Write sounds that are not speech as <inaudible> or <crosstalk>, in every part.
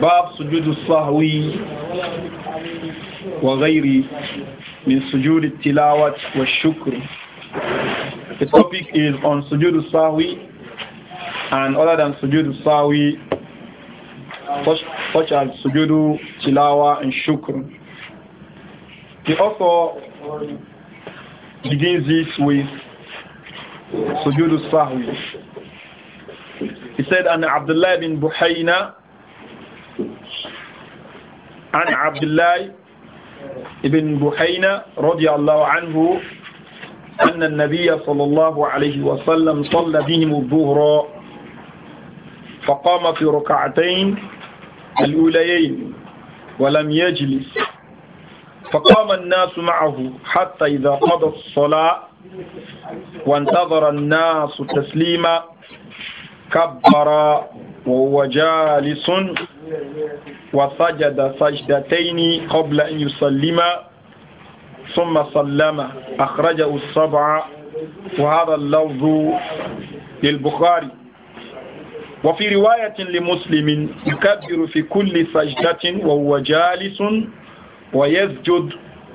باب سجود الصهو من سجود التلاوة والشكر The topic is on sujood sahwi and other than sujood sahwi such, as sujood tilawa and shukr. The author begins this with يسيد أن He said, بن بحينا عن عبد الله بن بحينا رضي الله عنه أن النبي صلى الله عليه وسلم صلى بهم الظهر فقام في ركعتين الأوليين ولم يجلس فقام الناس معه حتى إذا قضى الصلاة وانتظر الناس التسليم كبر وهو جالس وسجد سجدتين قبل أن يسلم ثم سلم أخرجه السبع وهذا اللفظ للبخاري وفي رواية لمسلم يكبر في كل سجدة وهو جالس ويسجد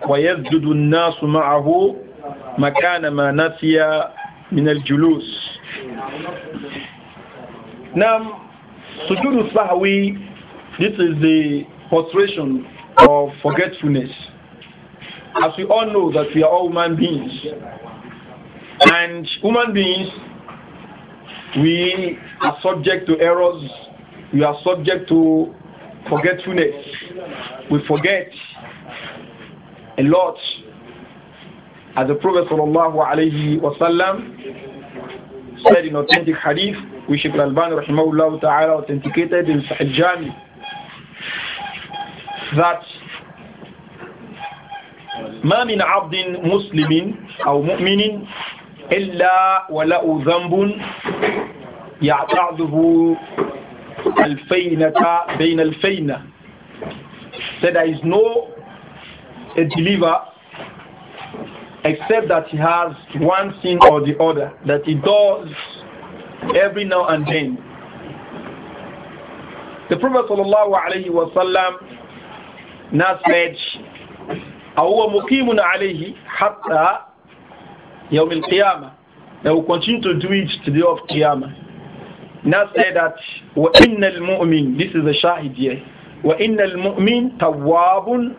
ويسجد الناس معه Makana ما نفي من الجلوس نعم سجود this is the frustration of forgetfulness as we all know that we are all human beings and human beings we are subject to errors we are subject to forgetfulness we forget a lot as the Prophet وسلم, said in authentic hadith, which Ibn Al-Ban rahimahullah ta'ala authenticated in Sahih that ما من عبد مسلم أو مؤمن إلا ولا ذنب يعتعده الفينة بين الفينة Said there is no a believer except that he has one sin or the other that he does every now and then. The Prophet ﷺ now said, أَوَّ مُقِيمٌ عَلَيْهِ حَتَّى يَوْمِ الْقِيَامَةِ They will continue to do it to the day of Qiyamah. Now said that, وَإِنَّ الْمُؤْمِنِ This is the shahid here. وَإِنَّ الْمُؤْمِنِ تَوَّابٌ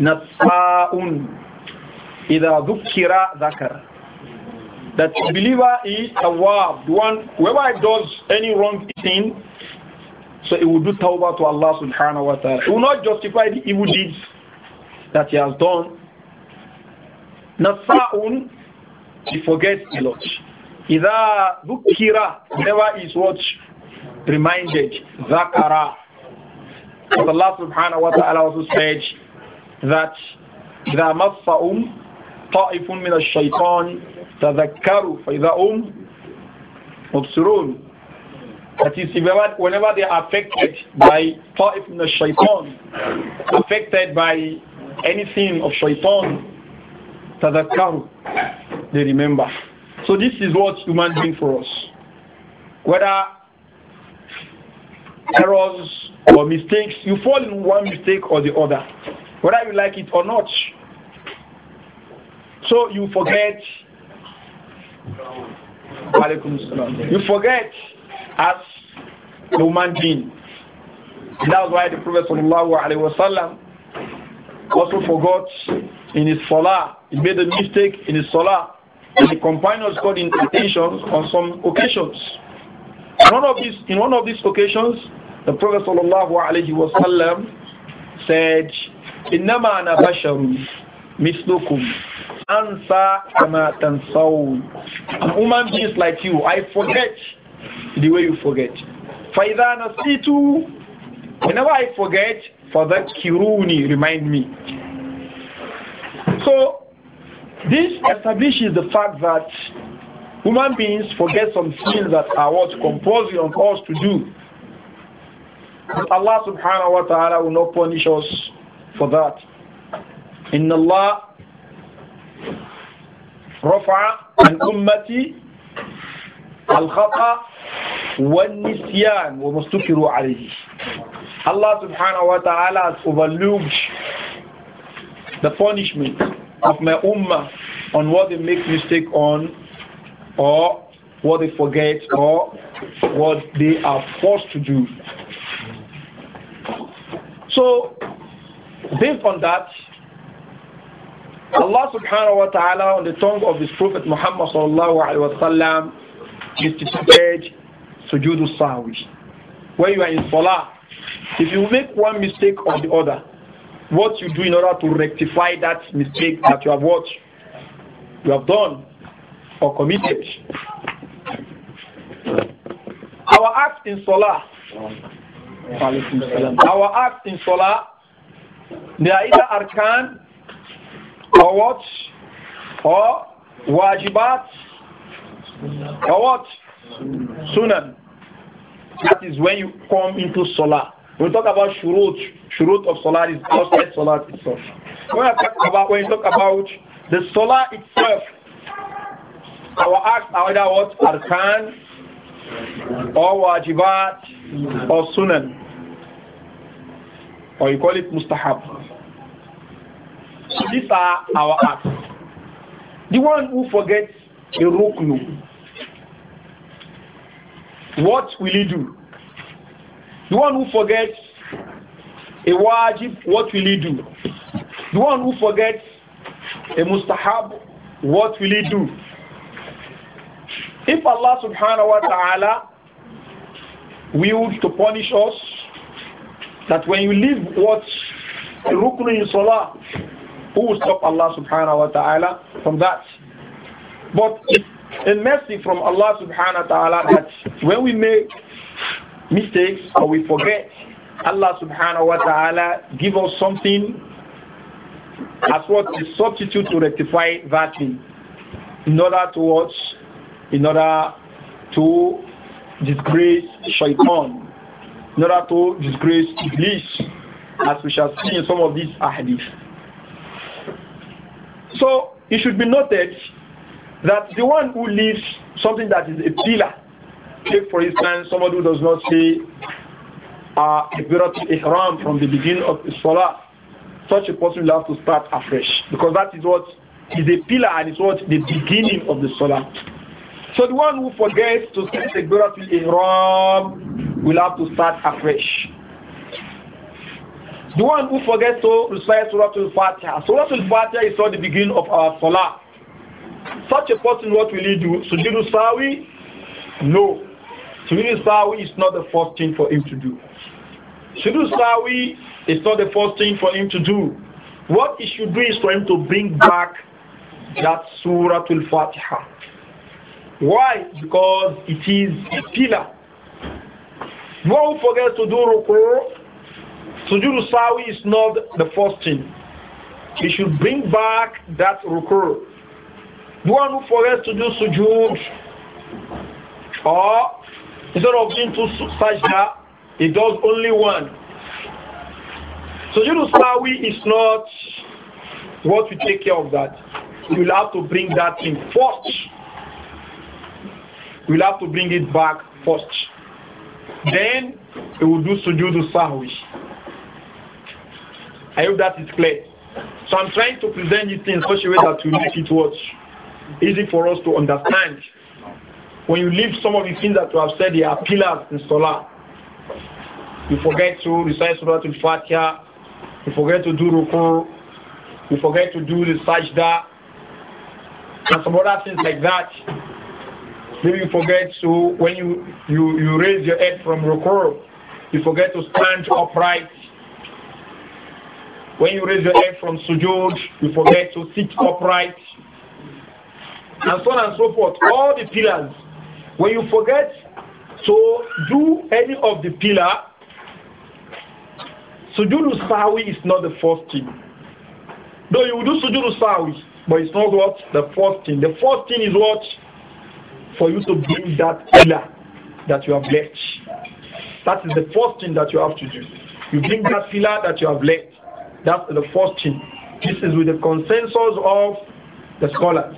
نَصَّاءٌ إِذَا kira ذَكَرَ that the believer is tawab, the one whoever does any wrong thing, so he will do tawbah to Allah subhanahu wa ta'ala. He will not justify the evil deeds that he has done. Nasa'un, he forgets a lot. Ida dhukira, never is what reminded. Zakara. But Allah subhanahu wa ta'ala also said that إذا مصهم طائف من الشيطان تذكروا فإذا هم مبصرون That is, whenever they are affected by ta'if min shaitan, affected by anything of shaitan, tadakkaru, they remember. So this is what human being for us. Whether errors or mistakes, you fall in one mistake or the other. Whether you like it or not, so you forget. You forget as human being. that's why the Prophet wasallam also forgot in his salah. He made a mistake in his salah. And the companions got in attention on some occasions. In one of these, in one of these occasions, the Prophet sallallahu alaihi wasallam said, "Innama ana basharun." mislukum ansa kama tansawun. I'm human is like you. I forget the way you forget. فَإِذَا نَسِيتُ Whenever I forget, Kiruni Remind me. So, this establishes the fact that human beings forget some things that are what composing on us to do. But Allah subhanahu wa ta'ala will not punish us for that. إن الله رفع عن أمتي الخطأ والنسيان وما استكروا عليه Allah subhanahu wa ta'ala has overlooked the punishment of my ummah on what they make mistake on or what they forget or what they are forced to do. So based on that, Allah subhanahu wa ta'ala on the tongue of his Prophet Muhammad sallallahu alayhi wa sallam instituted sujood sahwi. When you are in salah, if you make one mistake or the other, what you do in order to rectify that mistake that you have watched, you have done or committed. Our act in salah, our act in salah, they are either arkan or what? Or wajibat or what? Sunan. That is when you come into salah. When we talk about shurut, shurut of salah is outside salah itself. When I talk about when you talk about the salah itself, our acts are either what arkan or wajibat or sunan or you call it mustahab. So these are our acts. The one who forgets a ruknu, what will he do? The one who forgets a wajib, what will he do? The one who forgets a mustahab, what will he do? If Allah subhanahu wa ta'ala will to punish us, that when you leave what ruknu in salah, who will stop Allah subhanahu wa ta'ala from that? But in a mercy from Allah subhanahu wa ta'ala that when we make mistakes or we forget, Allah subhanahu wa ta'ala give us something as what a substitute to rectify that thing in order to watch, in order to disgrace shaitan, in order to disgrace Iblis, as we shall see in some of these ahadith. So it should be noted that the one who leaves something that is a pillar, take for instance someone who does not say uh, Ibiratul Ihram from the beginning of his Salah, such a person will have to start afresh because that is what is a pillar and it's what the beginning of the Salah. So the one who forgets to say Ibiratul Ihram will have to start afresh. The one who forgets to recite Surah Al-Fatiha. Surah Al-Fatiha is not the beginning of our Salah. Such a person, what will he do? Sujudu Sawi? No. Sujudu Sawi is not the first thing for him to do. Sujudu Sawi is not the first thing for him to do. What he should do is for him to bring back that Surah Al-Fatiha. Why? Because it is a pillar. One who forgets to do ruku Sujood Sawi is not the first thing. He should bring back that rukur. The one who forgets to do sujud, or instead of doing two sajda, he does only one. Sujood Sawi is not what we take care of that. You will have to bring that in first. We will have to bring it back first. Then we will do sujood sahwi. I hope that is clear. So I'm trying to present it in such a way that will make it what easy for us to understand. When you leave some of the things that you have said, they are pillars in Salah. You forget to recite Surah Al-Fatiha, you forget to do ruku, you forget to do the sajda, and some other things like that. Maybe you forget to, when you, you, you raise your head from ruku, you forget to stand upright. When you raise your head from sujood, you forget to sit upright, and so on and so forth. All the pillars. When you forget to do any of the pillar, sujood sawi is not the first thing. Though you will do sujood sawi, but it's not what the first thing. The first thing is what for you to build that pillar that you have left. That is the first thing that you have to do. You bring that pillar that you have left. That's the first thing. This is with the consensus of the scholars.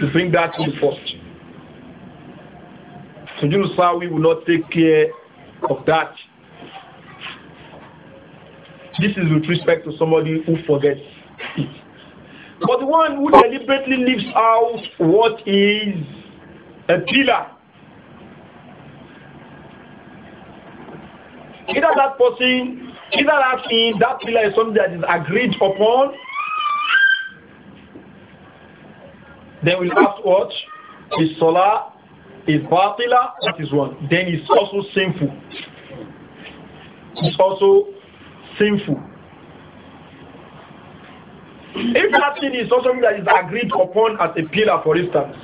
to bring that to the first. Sujud we will not take care of that. This is with respect to somebody who forgets it. But the one who deliberately leaves out what is a pillar, either that person Either that means that pillar is something that is agreed upon, then we'll watch is solar, is batila, that is one. Then it's also sinful. It's also sinful. If that thing is something that is agreed upon as a pillar, for instance,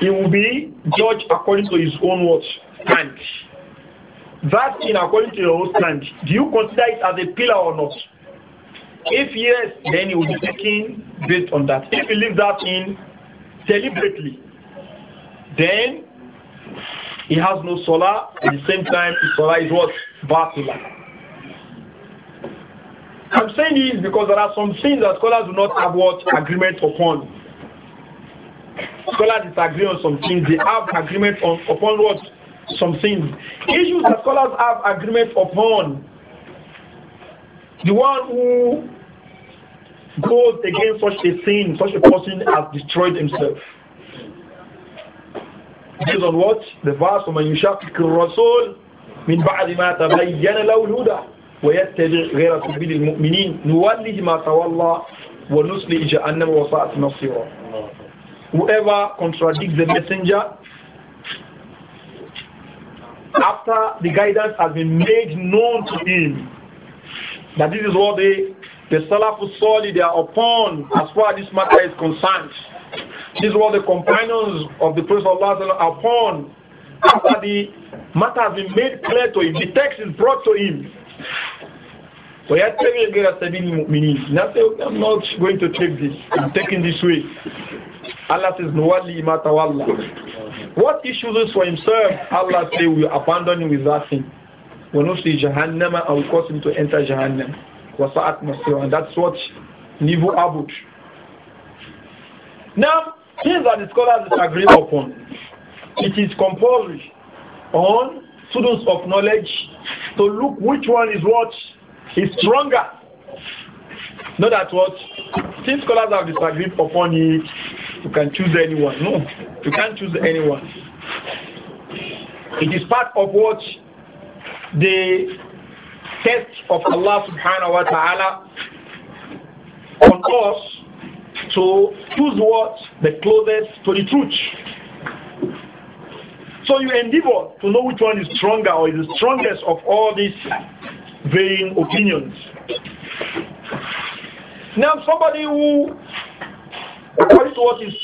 it will be judged according to his own what? Hand. That in according to your stand, do you consider it as a pillar or not? If yes, then you will be taking based on that. If you leave that in deliberately, then he has no solar. At the same time, his solar is what? Batula. I'm saying this because there are some things that scholars do not have what agreement upon. Scholars disagree on some things. They have agreement on upon what some things. Issues that scholars have agreement upon. The one who goes against such a thing, such a person has destroyed himself. Based on what? The verse from يشاقق الرسول من بعد ما تبين له الهدى ويتبع غير سبيل Ma نوله ما تولى ونصلي جهنم وساءت مصيره Whoever contradicts the messenger after the guidance has been made known to him that this is what they, the Salafus Sali they are upon as far as this matter is concerned. This is what the companions of the Prophet are upon after the matter has been made clear to him. The text is brought to him. وَيَتَّبِعْ غَيْرَ سَبِيلِ الْمُؤْمِنِينَ I'm not going to take this. I'm taking this way. Allah says, نُوَلِّي مَا What he chooses for himself, Allah says, we abandon him with that thing. see Jahannam I will cause him to enter Jahannam. وَسَعَتْ مَسْيَوَ And that's what Nivu Abud. Now, things that the scholars agree upon. It is compulsory on students of knowledge to look which one is what is stronger. Not that what since scholars have disagreed upon it, you can choose anyone. No, you can't choose anyone. It is part of what the test of Allah subhanahu wa ta'ala on us to choose what the closest to the truth. So you endeavor to know which one is stronger or is the strongest of all these varying opinions. Now, somebody who, according to what is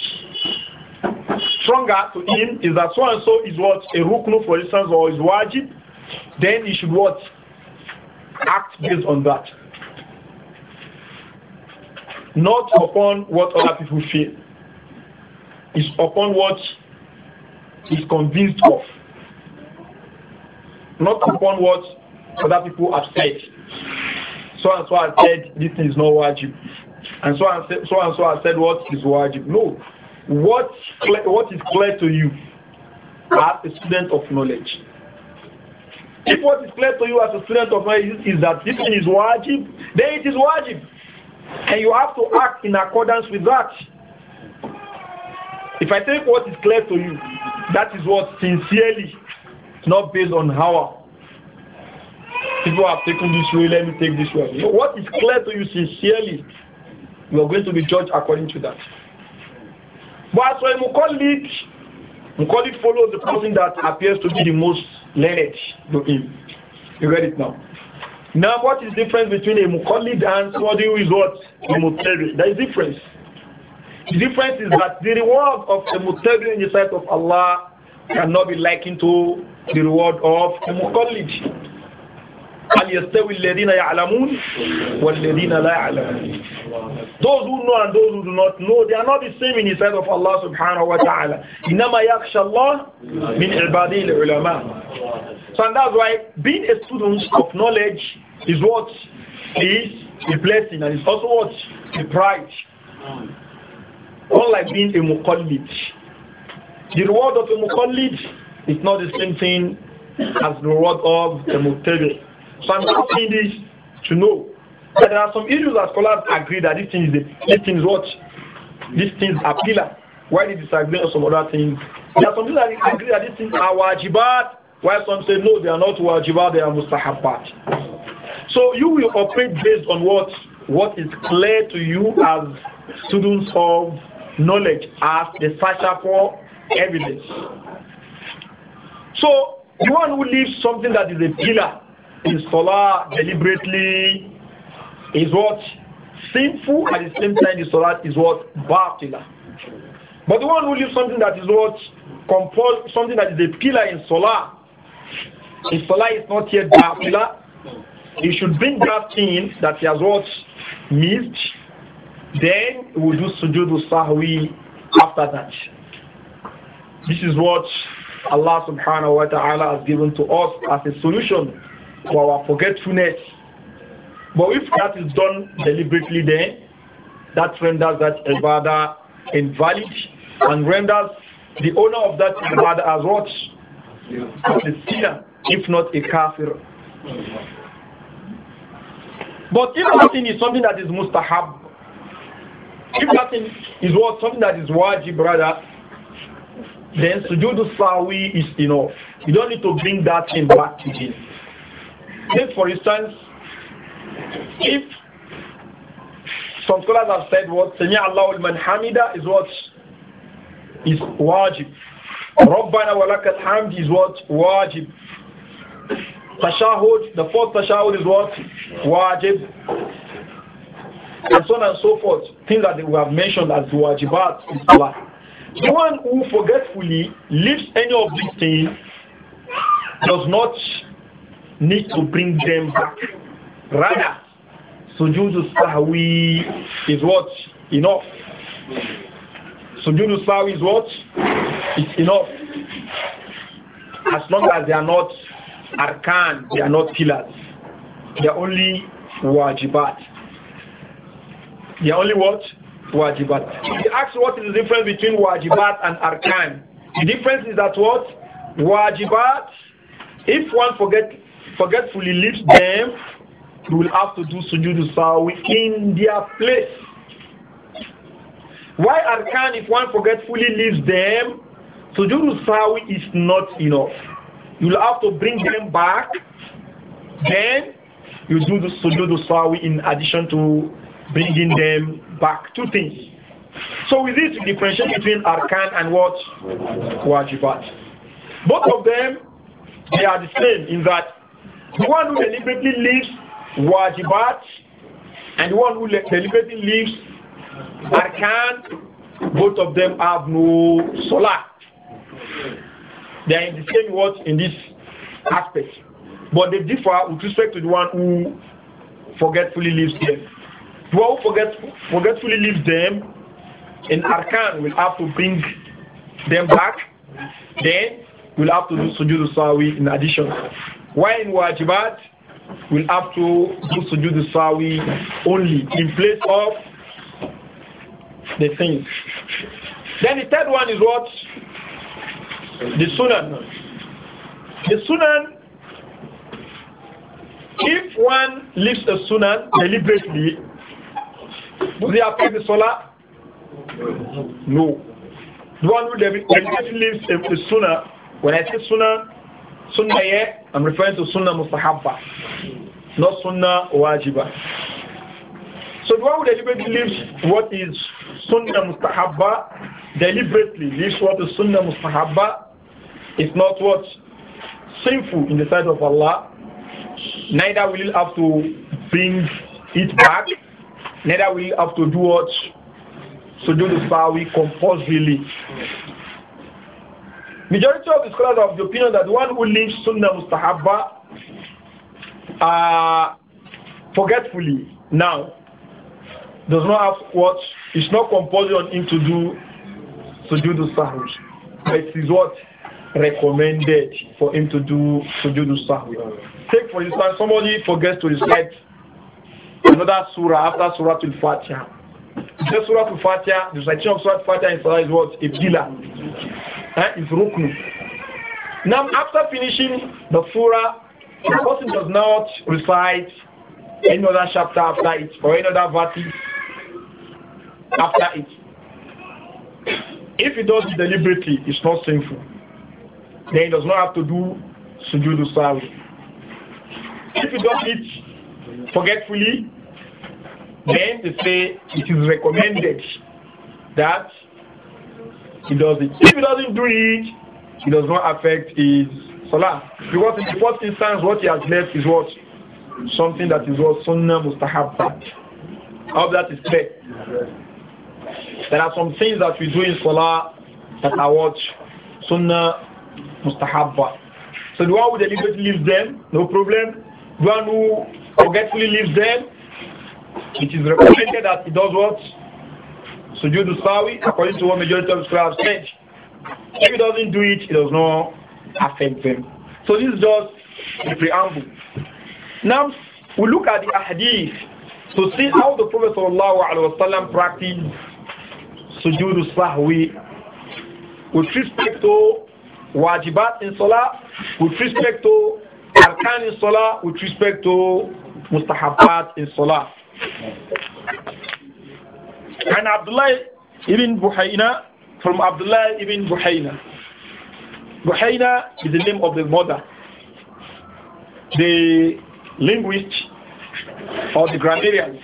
stronger to him, is that so and so is what a ruknu, for instance, or is wajib, then he should what act based on that, not upon what other people feel. It's upon what he's convinced of, not upon what other people have said. So and so has said this is not wajib. And so and so, so and so has said what is wajib. No. What, what is clear to you as a student of knowledge? If what is clear to you as a student of knowledge is that this thing is wajib, then it is wajib. And you have to act in accordance with that. If I take what is clear to you, that is what sincerely, not based on how people have taken this way, let me take this way. what is clear to you sincerely, you are going to be judged according to that. But as for a follows the person that appears to be the most learned to him. You read it now. Now, what is the difference between a Mukallit and somebody who is what? A Mutabi. There is difference. The difference is that the reward of a Mutabi in the sight of Allah cannot be likened to the reward of a Mukallid. هل يستوي الذين يعلمون والذين لا يعلمون those who know and those who do not know they are not the same in the sight of Allah subhanahu wa ta'ala إنما يخشى الله من عباده العلماء so and that's why being a student of knowledge is what is a blessing and it's also what a pride unlike being a muqallid the reward of a muqallid is not the same thing as the reward of a muqtabi so I'm asking this to know. that there are some issues that scholars agree that this thing is a, this thing is what? These things are pillar. Why they disagree on some other things? There are some people that agree that these things are wajibat, while some say no, they are not wajibat, they are mustahabat. So you will operate based on what what is clear to you as students of knowledge, as the searcher for evidence. So the one who leaves something that is a pillar is salah deliberately is what? Sinful at the same time the salah is what? Batila. But the one who leaves something that is what? compose something that is a pillar in salah, if salah is not yet batila. He should bring that thing that he has what? Missed. Then we will do sujood sahwi after that. This is what Allah subhanahu wa ta'ala has given to us as a solution to our forgetfulness. But if that is done deliberately, then that renders that ibadah invalid and renders the owner of that ibadah as what? A sinner, if not a kafir. But if that thing is something that is mustahab, if that thing is what something that is wajib, brother, then sujood sawi is enough. You don't need to bring that thing back to him. Take for instance, if some scholars have said what Sami Allah al-man hamida is what is wajib. Rabbana wa hamd is what wajib. Tashahud, the fourth tashahud is what wajib. And so on and so forth. Things that we have mentioned as wajibat is Salah. The one who forgetfully leaves any of these things does not need to bring them back. Rather, sujood sahwi is what? Enough. Sujood sahwi is what? It's enough. As long as they are not arkan, they are not pillars. They are only wajibat. They are only what? Wajibat. If you ask what is the difference between wajibat and arkan, the difference is that what? Wajibat, if one forget forgetfully leaves them, you will have to do sujood sawi in their place. Why arkan if one forgetfully leaves them, sujood sawi is not enough. You will have to bring them back, then you do the sujood sawi in addition to bringing them back. Two things. So with this, we differentiate between arkan and what wajibat. Both of them, they are the same in that the one who deliberately leaves wajibat and the one who deliberately leaves arkan, both of them have no salah. They are in the same words in this aspect. But they differ with respect to the one who forgetfully leaves them. The one who forget, forgetfully leaves them in arkan will have to bring them back. Then we will have to do sujood sawi in addition. While in wajibat, we'll have to do sujood sawi only in place of the thing. Then the third one is what? The sunan. The sunan, if one leaves the sunan deliberately, does he affect the solar? No. The one who deliberately leaves the sunnah, when I say sunnah, sunnah here, I'm referring to Sunnah Mustahabba, not Sunnah Wajiba. So the one who deliberately leaves what is Sunnah Mustahabba, deliberately leaves what is Sunnah Mustahabba, is not what? Sinful in the sight of Allah. Neither will have to bring it back, neither will have to do what? So do the we compulsorily. Majority of the scholars are of the opinion that the one who leaves Sunnah Mustahabba uh, forgetfully now does not have what is not compulsory on him to do to do the sahwi. It is what recommended for him to do to do the salah. Take for instance somebody forgets to recite another surah after surah al fatiha. The surah al fatiha, the recitation of surah al fatiha in is what? A pillar. Eh, is Now, after finishing the Surah, the person does not recite any other chapter after it or any other verse after it. If he does it deliberately, it's not sinful. Then he does not have to do sujood sawi. If he does it forgetfully, then they say it is recommended that he does it. If he doesn't do it, it does not affect his salah. Because in the first instance, what he has left is what? Something that is what sunnah have I hope that is clear. There are some things that we do in salah that are what? Sunnah mustahabbat. So the one who deliberately leaves them, no problem. The one who forgetfully leaves them, it is recommended that he does what? Sujud sawi, according to what majority of scholars said, if he doesn't do it, it does not affect them. So this is just the preamble. Now we look at the hadith to see how the Prophet ﷺ practiced sujud sahwi with respect to wajibat in salah, with respect to arkan in salah, with respect to mustahabat in salah. And Abdullah ibn Buhaina from Abdullah ibn Buhaina. Buhaina is the name of the mother. The linguist or the grammarian.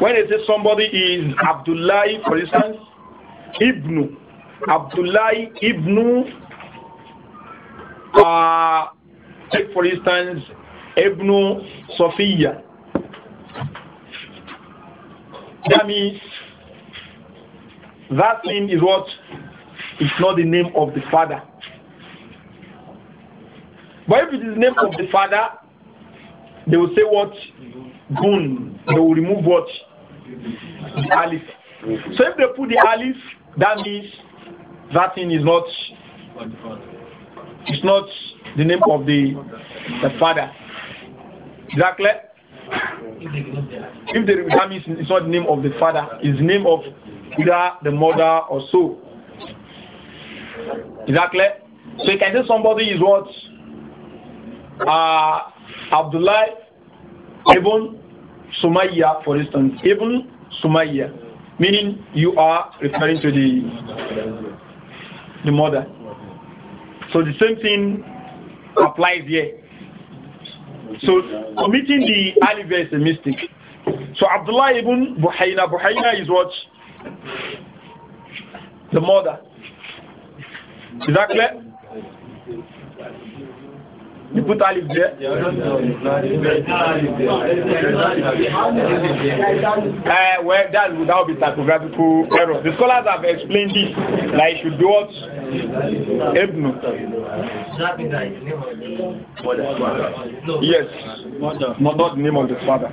When they say somebody is Abdullah, for instance, Ibn, Abdullah Ibn, uh, take for instance, Ibn Sophia. That means that name is what? It's not the name of the Father. But if it is the name of the Father, they will say what? Gun. They will remove what? The alif. So if they put the Alice, that means that thing is not it's not the name of the the father. Is that clear? If they, that means it's not the name of the father, it's the name of either the mother or so. Is that clear? So you can say somebody is what? Uh, Abdullah Ibn Sumayya, for instance. Ibn Sumayya. Meaning you are referring to the the mother. So the same thing applies here. So committing the alif is a mistake. So Abdullah ibn Buhayna. Buhayna is what? the mother. Is that clear? You put Alif there? Uh, well, that would now be typographical error. The scholars have explained this. Like, should do what? Ibn. Yes. Not the name of the father.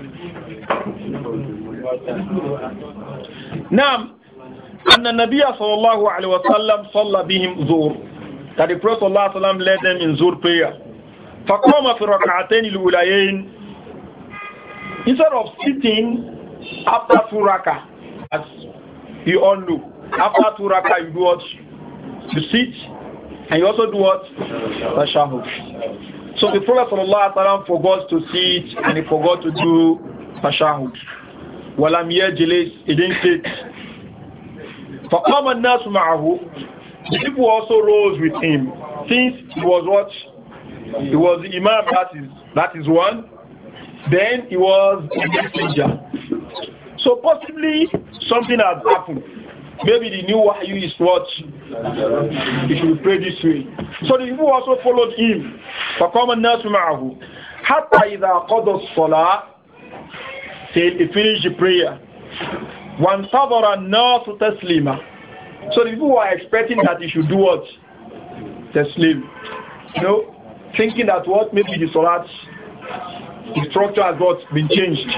Now, and the Nabi sallallahu alayhi wa صلى بهم زور that the Prophet sallallahu alayhi wa sallam led them in زور prayer فقام في ركعتين الأوليين instead of sitting after two raka as you all know after two raka you do what you sit and you also do what tashahud so the Prophet sallallahu alayhi wa forgot to sit and he forgot to do tashahud ولم يجلس jilis did sit فقام الناس معه the people also rose with him since he was what he was the imam that is that is one then he was a messenger so possibly something has happened maybe the new wahyu is what he should pray this way so the people also followed him فقام الناس معه حتى إذا قضى الصلاة said he finished the prayer. One tabara to taslima. So the people were expecting that he should do what? Taslim. You know, thinking that what maybe the salat the structure has what been changed.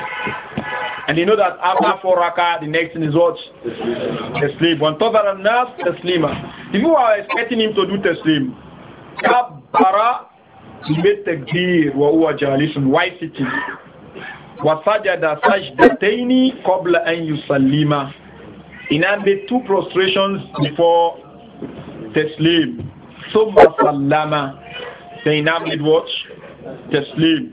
And you know that after four raka, the next thing is what? Taslim. One tabara nas taslima. The people were expecting him to do taslim. Kabara, he made gear wa huwa jalisun, white sitting wasajada sajdataini qabla an yusallima in the two prostrations before taslim thumma sallama then did watch taslim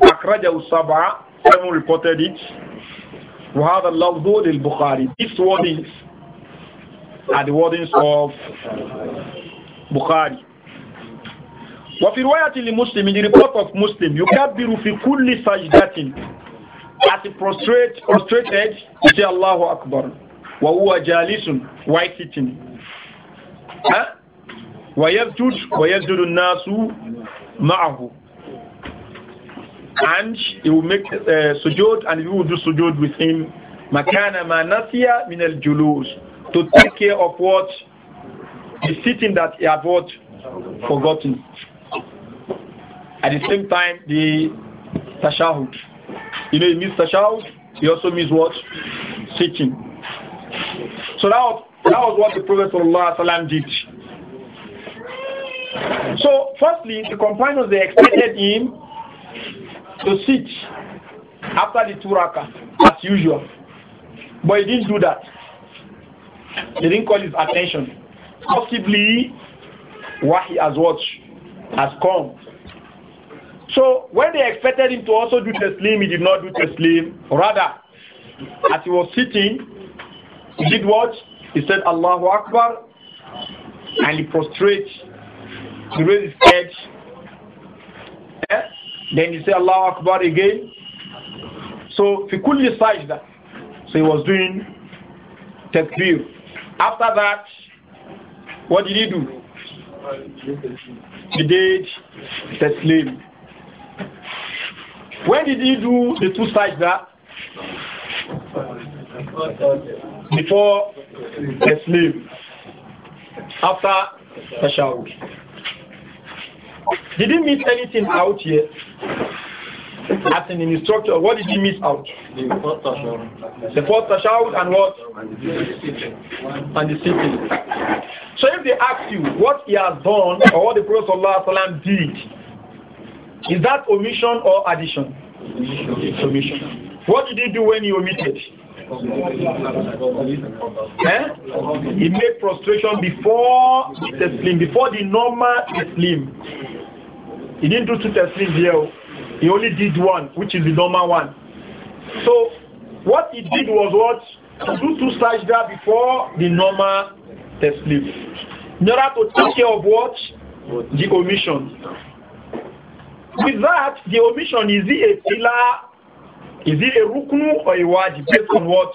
akraja usaba some reported it We wa hadha al-lafdhu bukhari These wordings are the wordings of bukhari وفي رواية لمسلم in the report of Muslim يكبر في كل سجدة as he prostrate, prostrated he say Allahu Akbar وهو جالس while sitting huh? ويسجد ويسجد الناس معه and he will make uh, sujood and you will do sujood with him مكان ما نسي من الجلوس to take care of what the sitting that he had what forgotten at the same time, the tashahud. You know, he means tashahud, he also means what? Sitting. So that was, that was what the Prophet ﷺ did. So, firstly, the companions they expected him to sit after the two as usual. But he didn't do that. He didn't call his attention. Possibly, Wahi has watched has come so when they expected him to also do Taslim, he did not do Taslim. Rather, as he was sitting, he did what? He said, Allahu Akbar, and he prostrated. He raised his head. Yeah? Then he said, Allahu Akbar again. So, Fikulli Sajda. So he was doing Takbir. After that, what did he do? He did Taslim. When did he do the two sides that? Ah? Before the slave. After the shower. Did he miss anything out here? As an instructor, what did he miss out? The fourth tashahud. The fourth and what? And the sitting. So if they ask you what he has done or what the Prophet did, is that omission or addition? Omission. What did he do when he omitted? eh? He made prostration before the before the normal teslim. He didn't do two teslims here. Oh. He only did one, which is the normal one. So what he did was what? To do two sajda before the normal teslim. In order to take care of what? The omission. With that, the omission is it a pillar, is it a ruknu or a wajib? Based on what?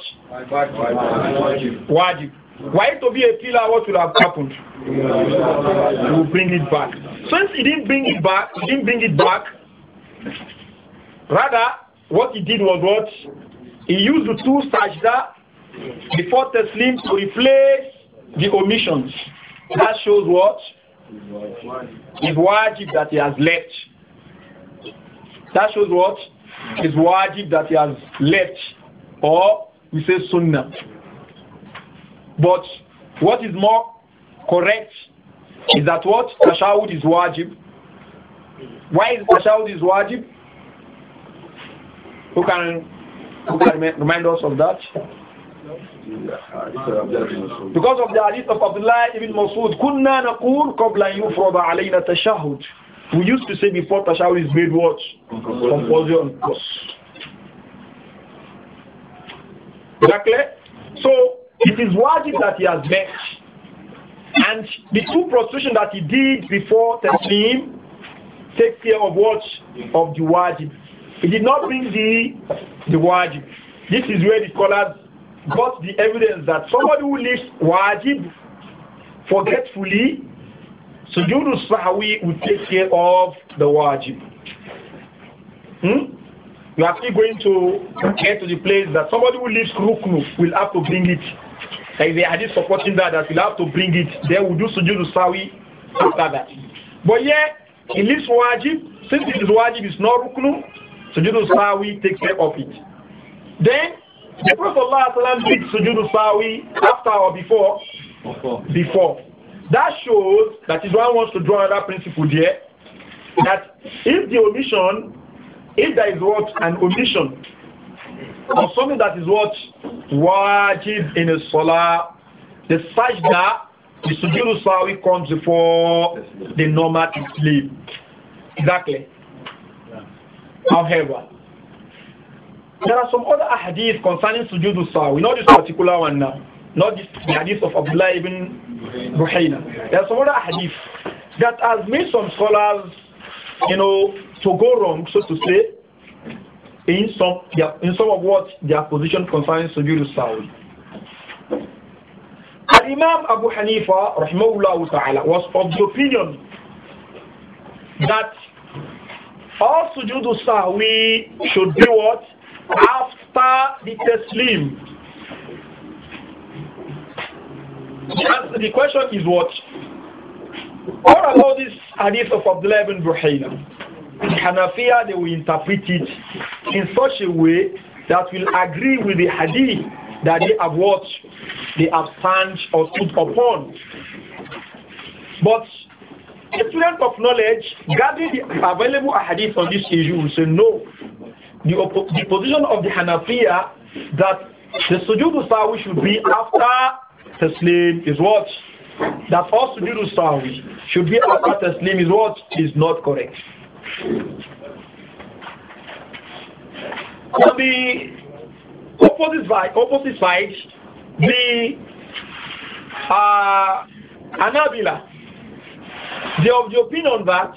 Wajib. wajib. Why to be a pillar, what will have happened? You will bring it back. Since he didn't bring it back, he didn't bring it back. Rather, what he did was what? He used the two sajda before Teslim to replace the omissions. That shows what? His wajib that he has left. That shows what is wajib that he has left, or we say sunnah. But what is more correct is that what tashahud is wajib. Why is tashahud is wajib? Who can who can remind us of that? Because of the hadith of Abdullah ibn Masud, كنا نقول قبل أن يفرض علينا تشهد we used to say before Tashawi is made what? compulsion. on Exactly. So it is wajib that he has met. And the two prostitution that he did before Taslim takes care of what? Of the wajib. He did not bring the, the wajib. This is where the scholars got the evidence that somebody who lives wajib forgetfully Sujood sahwi will take care of the wajib. Hmm? You are still going to get to the place that somebody who leaves ruknu will have to bring it. they are just supporting that that will have to bring it. They will do sujood sahwi after that. But yeah, he leaves wajib. Since it is wajib, it's not ruknu. Sujood sahwi takes care of it. Then the Prophet Allah did sujood sahwi after or before? Before. before. That shows that is why I want to draw another principle there. That if the omission, if there is what an omission of something that is what wajib in a solar, the sajda, the sujood sawi comes before the normal sleep. Exactly. However, there are some other ahadith concerning sujood sawi, not this particular one now not this, the hadith of Abdullah ibn Buhayna. There are some other hadith that has made some scholars, you know, to go wrong, so to say, in some, in some of what their position concerning Sujood Sawi. Imam Abu Hanifa, rahimahullah ta'ala, was of the opinion that all sujood sahwi should be what? After the taslim. And the question is what? What about this hadith of Abdullah ibn Buhayna? Hanafiya, they will interpret it in such a way that will agree with the hadith that they have watched, they have stand or stood upon. But a student of knowledge gathering the available hadith on this issue will say no. The, the position of the Hanafiya that the sujood should be after taslim is what? That for us to do the sahwi should be after taslim is what? Is not correct. On the opposite side, opposite side the uh, Anabila, they of the opinion that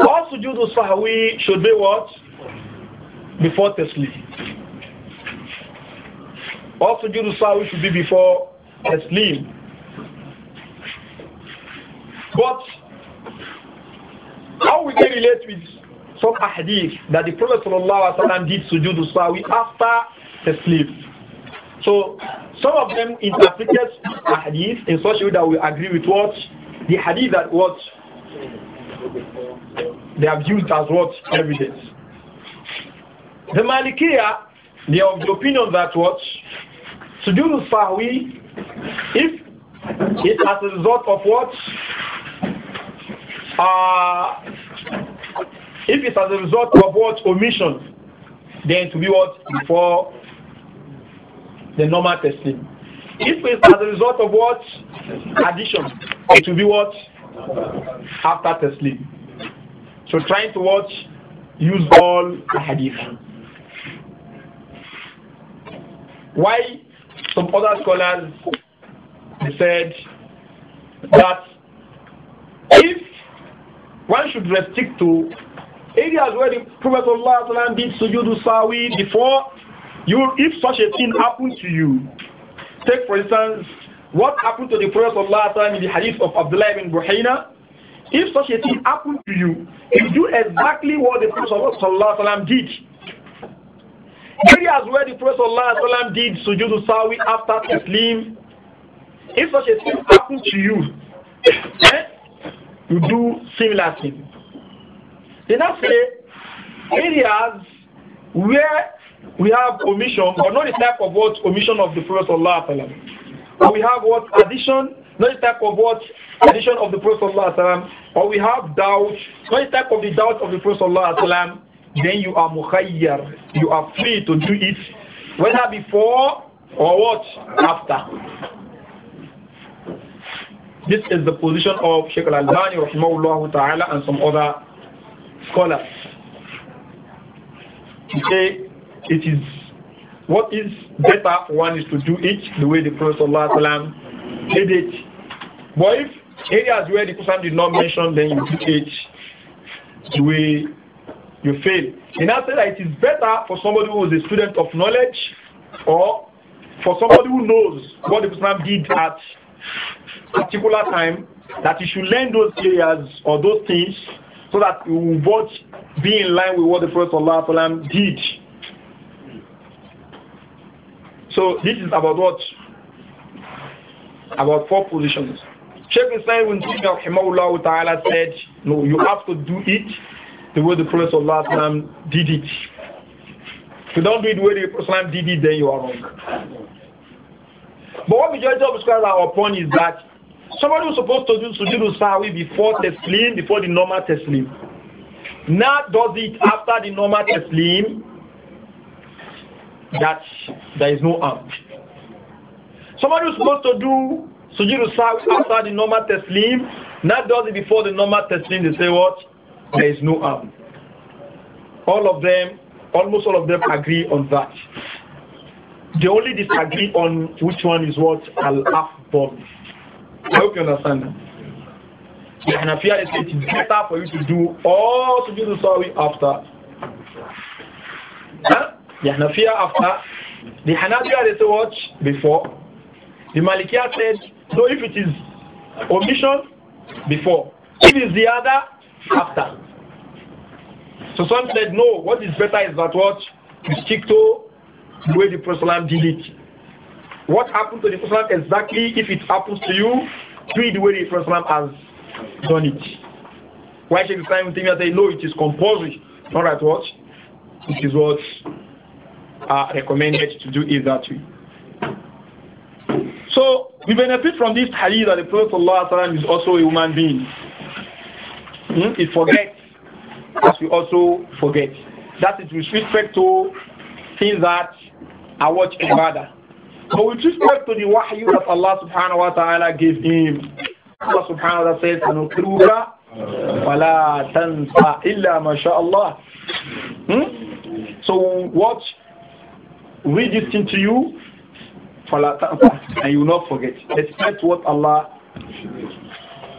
all sujood sahwi should be what? Before taslim. All sujood sahwi should be before taslim. But how we can relate with some hadith that the Prophet ﷺ did sujood sahwi after taslim? So some of them interpreted hadith in such a way that we agree with what the hadith that what they have used as what evidence. The Malikiya, they are of the opinion that what Sujood sahwi, if it as a result of what? Uh, if it's as a result of what omission, then to be what before the normal testing. If it's as a result of what addition, it will be what after testing. So trying to watch use all hadith. Why some other scholars said that if one should restrict to areas where the Prophet Allah did sujood sawi before you if such a thing happened to you take for instance what happened to the Prophet Allah in the hadith of Abdullah ibn Buhayna if such a thing happened to you you do exactly what the Prophet Allah did Areas where the Prophet Allah ﷺ did sujood sawi after Islam, if such a thing happens to you, eh, you do similar thing. They now say areas where we have omission, but not the type of what omission of the Prophet ﷺ. Or we have what addition, not the type of what addition of the Prophet Allah ﷺ. Or we have doubt, not the type of the doubt of the Prophet Allah ﷺ then you are mukhayyar. You are free to do it, whether before or what after. This is the position of Sheikh Al-Albani rahimahullah ta'ala and some other scholars. To say it is what is better for one is to do it the way the Prophet ﷺ did it. But if areas where the Quran did not mention, then you do it the way you fail. He now said that it is better for somebody who is a student of knowledge or for somebody who knows what the person did at particular time that he should learn those areas or those things so that he will both be in line with what the Prophet Allah did. So this is about what? About four positions. Sheikh Islam ibn Taymiyyah ta'ala said, no, you have to do it the way the Prophet of Islam did it. If you don't do it the way the Prophet did it, then you are wrong. But what we just scholars our point is that somebody who's supposed to do sujood sawi before teslim, before the normal teslim, now does it after the normal teslim, that there is no harm. Somebody who's supposed to do sujood sawi after the normal teslim, now does it before the normal teslim, they say what? there is no harm. All of them, almost all of them agree on that. They only disagree on which one is what Al-Afdol. I hope you understand that. The Hanafiya said it is better for you to do all to do the sorry after. The Hanafiya after. The Hanafiya they say what? Before. The Malikiya said, so if it is omission, before. If it is the other, after. So some said, no, what is better is that what? You stick to the way the Prophet did it. What happened to the Prophet exactly, if it happens to you, do it the way the Prophet has done it. Why should Islam think that they no, it is compulsory? Not at what? It is what are uh, recommended to do is that So we benefit from this hadith that the Prophet is also a human being. Hmm? It forgets, as we also forget. That is with respect to things that I watch what ibadah. But with respect to the wahyu that Allah subhanahu wa ta'ala gave him, Allah subhanahu wa ta'ala says, Anukruka wala tansa illa masha'Allah. Hmm? So watch, read this thing to you, and you will not forget. Expect what Allah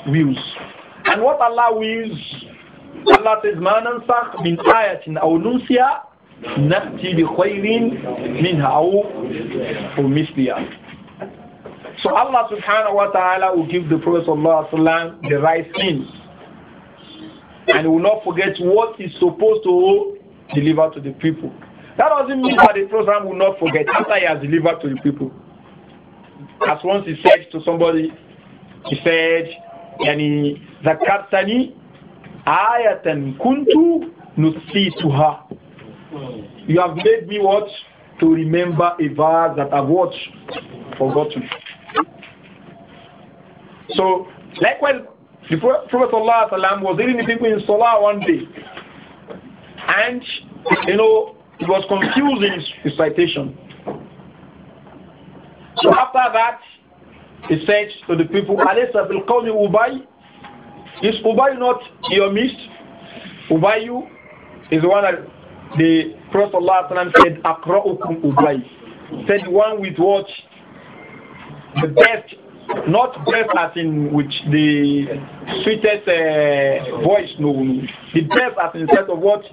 wills. And what Allah wills, Allah says, مَا نَنْسَخْ مِنْ آيَةٍ أَوْ نُنْسِيَا نَأْتِي بِخَيْرٍ minha أَوْ مِثْلِهَا So Allah subhanahu wa ta'ala will give the Prophet sallallahu the right things. And will not forget what he's supposed to deliver to the people. That doesn't mean that the Prophet will not forget after he has delivered to the people. As once he said to somebody, he said, يعني ذكرتني آية كنت نسيتها You have made me what? To remember a verse that I've watched, forgotten. So, likewise, the Prophet ﷺ was leading the people in Salah one day. And, you know, it was confusing his recitation. So after that, he said to the people, will call you Ubay. Is Ubay not your midst? Ubayu is the one that the Prophet Allah said, Akra'ukum Ubay. Said one with what? The best, not best as in which the sweetest uh, voice, no, The best as in sense of what?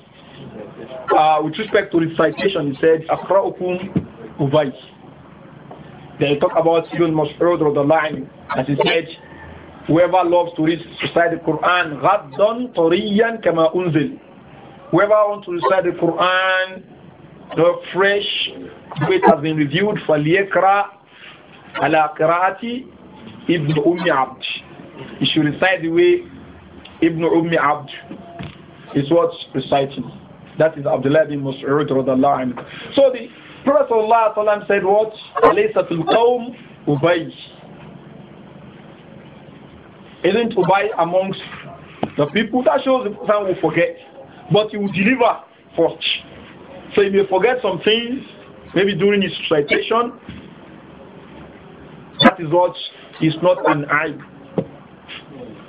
Uh, with respect to recitation, he said, Akra'ukum Ubay. They talk about Ibn Mas'ud Radallahu as he said, whoever loves to read, recite the Quran, غَدًّا طَرِيًّا كَمَا unzil. Whoever wants to recite the Quran, the fresh, it has been reviewed, فَلْيَكْرَى عَلَى قِرَاءَةِ Ibn Ummi Abd. He should recite the way Ibn Ummi Abd is what reciting. That is Abdullah bin Mas'ud al anhu. So the Prophet ﷺ said what? Alaysatul qawm Ubay. Isn't Ubay amongst the people? That shows the person will forget. But he will deliver first. So he may forget some things, maybe during his recitation. That is what is not an eye.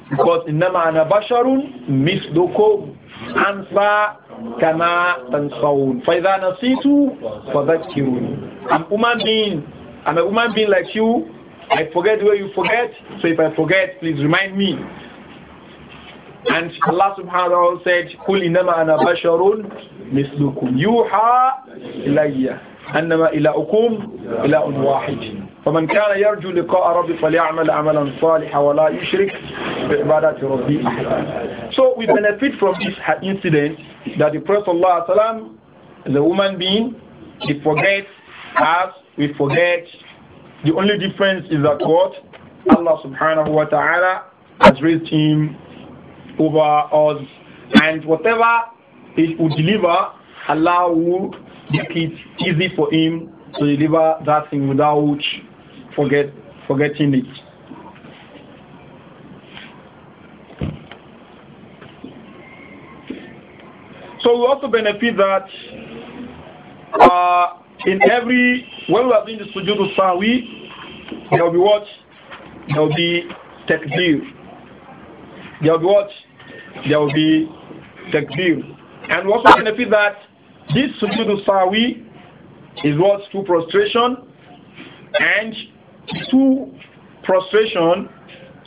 Because in nama بشر مثلكم أنسى كما تنسون فإذا نسيت فذكروني I'm human being I'm a human being like you I forget where you forget so if I forget please remind me and Allah subhanahu wa ta'ala said قُلْ إِنَّمَا أَنَا بَشَرٌ مِثْلُكُمْ يُوحَى إِلَيَّ أنما إلهكم إله واحد فمن كان يرجو لقاء ربي فليعمل عملا صالحا ولا يشرك بعبادة ربي أحدا So we benefit from this incident that the Prophet Allah the human woman being, he forgets us we forget. The only difference is that what Allah subhanahu wa ta'ala has raised him over us and whatever he will deliver, Allah will make it easy for him to deliver that thing without forget, forgetting it. So we also benefit that uh, in every, when we are doing the sujood sawi, there will be what? There will be takbir. There will be what? There will be takbir. And we also benefit that this sujudu sawi is what to prostration and to prostration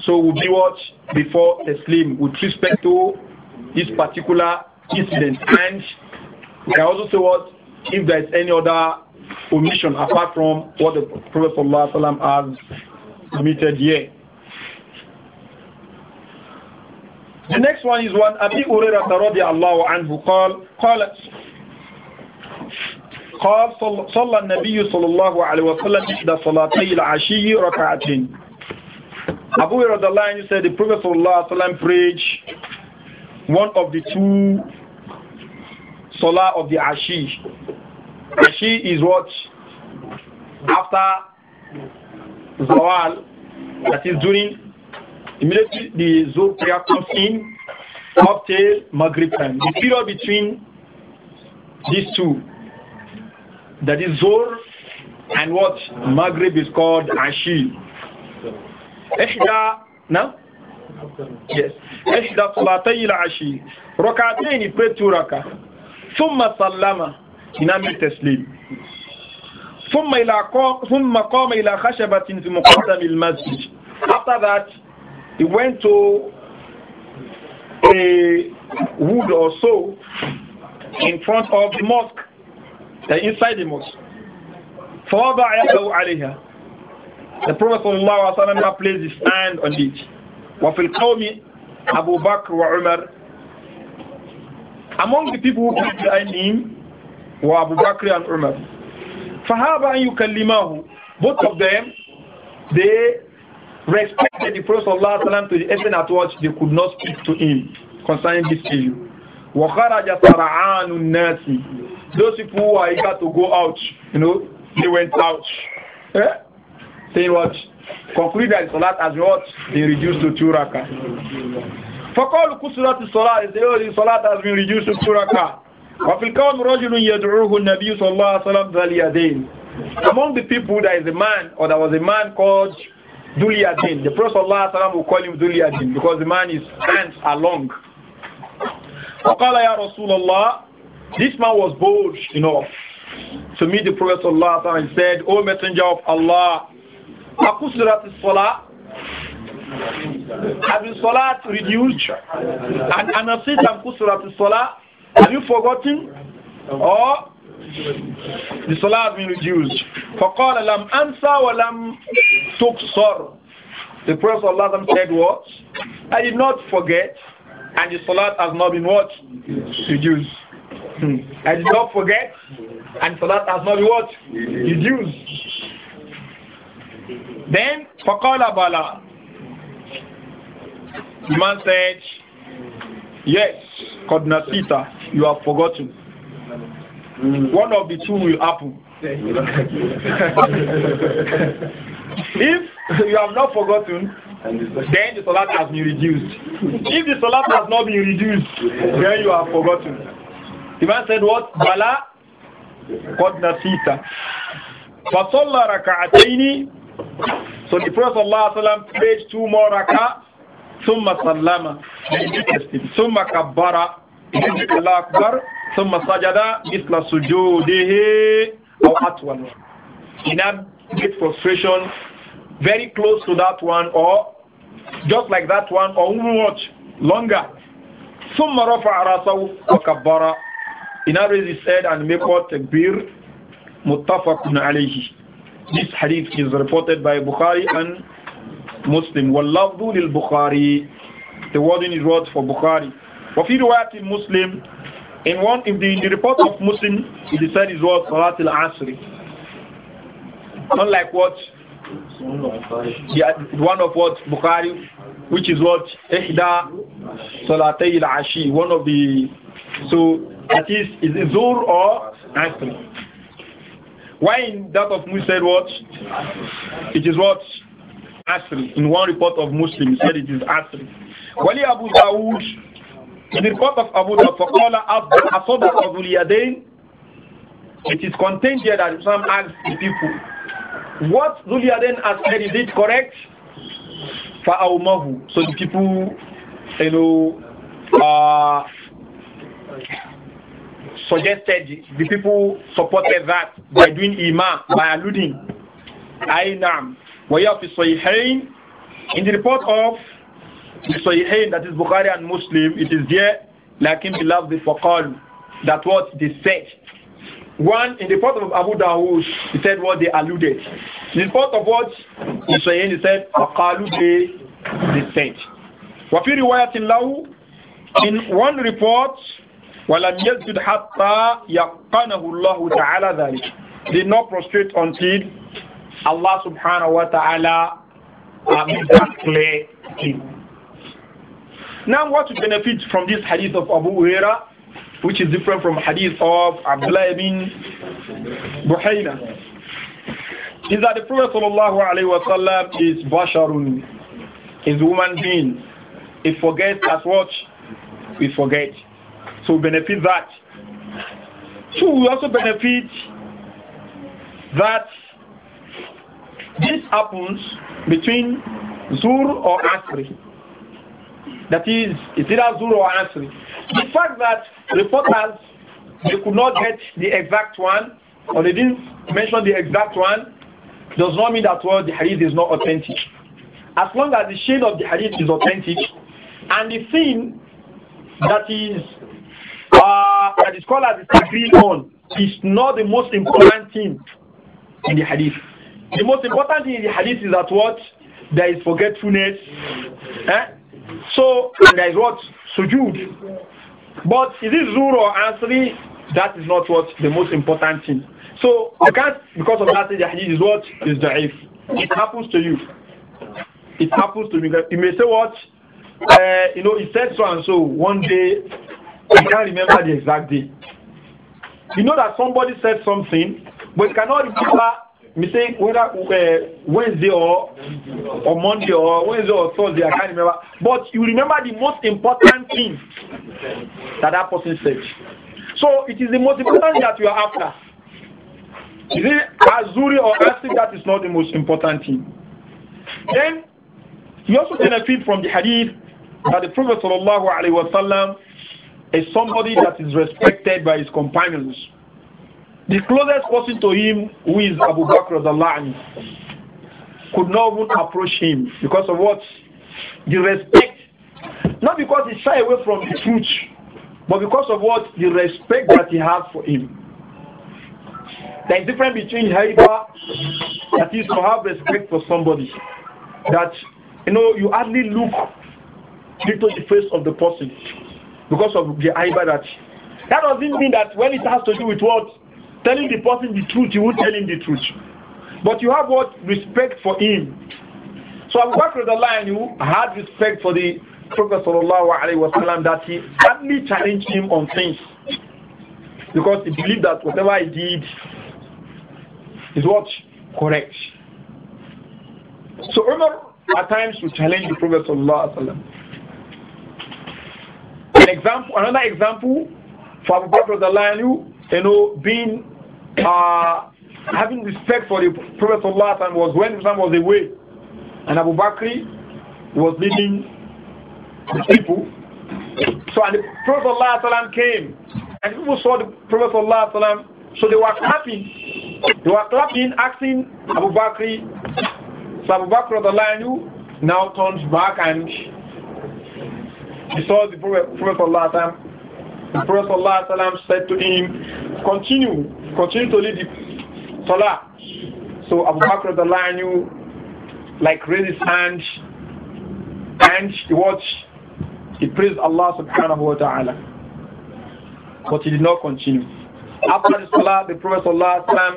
so will be what before the slim with respect to this particular incident and we can also say what if there is any other omission apart from what the Prophet ﷺ has committed here. The next one is one Abi Urairah radiyallahu anhu قال قالت قال صلى النبي صلى الله عليه وسلم إحدى صلاتي العشي ركعتين Abu Radallah said the Prophet sallallahu alaihi wasallam prayed one of the two salah of the Ashi. Ashi is what after Zawal, that is during immediately the Zohr prayer comes in up till Maghrib time. The period between these two that is Zor, and what Maghrib is called Ashi. Ihda, no? Yes. Ihda salatay al-Ashi. Rak'atayn he prayed two rak'ah. Thumma sallama. Inami taslim. ثم إلى ثم قام إلى خشبة في مقدم After that, he went to a wood or so in front of the mosque. They're inside the mosque. فَوَضَعَ يَدَهُ عَلَيْهَا The Prophet sallallahu alaihi wasallam placed his hand on it. fil الْقَوْمِ Abu Bakr wa Umar. Among the people who came behind him were Abu Bakr and Umar. فَهَابَ أَن يُكَلِّمَهُ Both of them, they respected the Prophet sallallahu alaihi to the extent at which they could not speak to him concerning this issue. وَخَرَجَ سَرَعَانُ النَّاسِ those people who are eager to go out, you know, they went out. Eh? Saying what? Conclude that Salat has what? They reduced to two raka. فقالوا كسرت الصلاة they say oh the Salat has been reduced to two raka. وفي الكون رجل يدعوه النبي صلى الله عليه وسلم ذا Among the people there is a man or there was a man called Duliadin. The Prophet ﷺ will call him Duliadin because the man his hands are long. وقال يا رسول الله this man was bold enough to meet the Prophet Allah and said, O Messenger of Allah, Akusurat Salah, have the Salat reduced? And Anasit and Salah, have you forgotten? Or the Salah has been reduced. فَقَالَ لَمْ أَنْسَى وَلَمْ tuksar, The Prophet Allah said what? I did not forget and the salah has not been what? Reduced. I did not forget, and for that has not been what? Reduced. Then, Faqala Bala. The man said, Yes, Kodnasita, you have forgotten. Hmm. One of the two will happen. <laughs> if you have not forgotten, then the salat has been reduced. If the salat has not been reduced, then you have forgotten. The man said what? Bala Qad nasita Fasalla raka'ataini So the first Prophet Sallallahu Alaihi Wasallam prayed two more raka'ah Thumma sallama Thumma kabbara Allah akbar Thumma sajada Mithla sujudihi Or atwan In a bit frustration Very close to that one or Just like that one or much longer Thumma rafa'a rasaw Wa kabbara in Aris he said, and make what takbir muttafaqun alayhi. This hadith is reported by Bukhari and Muslim. Wallahu lil Bukhari. The wording is words for Bukhari. وفي رواية Muslim, in one in the, in the report of Muslim, it is said is words Salat al Asri. Unlike what yeah, one of what Bukhari, which is what Ihda Salatay al Ashi, one of the so that is, is it or Asr? Why in that of Muslim said what? It is what? Asr. In one report of Muslim said it is Asr. Wali Abu Dawud, in the report of Abu Dawud, فَقَالَ أَصَدَقَ أَبُو الْيَدَيْنِ It is contained here that Islam asked the people, what Zuliyaden has said, is it correct? فَأَوْمَهُ So the people, you know, uh, suggested, the people supported that by doing imam, by alluding. Aynam. Wayafi In the report of Mr. Sahihain, that is Bukhari and Muslim, it is there, like beloved the Fakal, that what they said. One, in the report of Abu Dawud, he said what they alluded. In the report of what the Sahihain, he said, Fakalu they, they said. in one report وَلَمْ يَسْجُدْ حَتَّى يَقَّنَهُ اللَّهُ تَعَالَى ذَلِكَ Did not prostrate until Allah subhanahu wa ta'ala uh, made that him. Now what to benefit from this hadith of Abu Huraira, which is different from hadith of Abdullah ibn Buhayna, is that the Prophet sallallahu alayhi wa sallam is basharun, is human being. He forgets as what? We forget. So we benefit that. So we also benefit that this happens between Zur or Asri. That is, it's either Zur or Asri. The fact that reporters they could not get the exact one or they didn't mention the exact one does not mean that well, the hadith is not authentic. As long as the shade of the hadith is authentic and the thing that is that the scholars disagree on is not the most important thing in the hadith. The most important thing in the hadith is that what? There is forgetfulness. Eh? So, and there is what? Sujud. But is it Zuru or Ansari? That is not what the most important thing. So, you can't, because of that, the hadith is what? Is da'if. It happens to you. It happens to me. You may say what? Uh, you know, it said so and so. One day, you can't remember the exact day. You know that somebody said something, but you cannot remember saying whether uh, Wednesday or or Monday or Wednesday or Thursday. I can't remember. But you remember the most important thing that that person said. So it is the most important that you are after. Is it Azuri or Asik that is not the most important thing? Then you also benefit from the hadith that the Prophet sallallahu alaihi wasallam is somebody that is respected by his companions. The closest person to him, who is Abu Bakr al-Lani, could not even approach him because of what? The respect. Not because he shy away from the truth, but because of what? The respect that he has for him. There is difference between haiba, that is to have respect for somebody, that you know you hardly look into the face of the person because of the iba that that doesn't mean that when it has to do with what telling the person the truth you will tell him the truth but you have what respect for him so I'm back with the line. you had respect for the Prophet sallallahu alaihi wasallam that he hardly challenged him on things because he believed that whatever he did is what correct so Umar at times would challenge the Prophet sallallahu alaihi wasallam an example, another example for Abu Bakr Dalalu, you know, being uh, having respect for the Prophet Sallallahu was when Islam was away, and Abu Bakr was leading the people. So and the Prophet Sallallahu came, and people saw the Prophet Sallallahu so they were clapping, they were clapping, asking Abu Bakr. So Abu Bakr Dalalu now turns back and he saw the Prophet, of Allah, The Prophet Sallallahu said to him, continue, continue to lead the Salah. So Abu Bakr the lion, like raised his hand and he watched, he praised Allah subhanahu wa ta'ala. But he did not continue. After the Salah, the Prophet Allah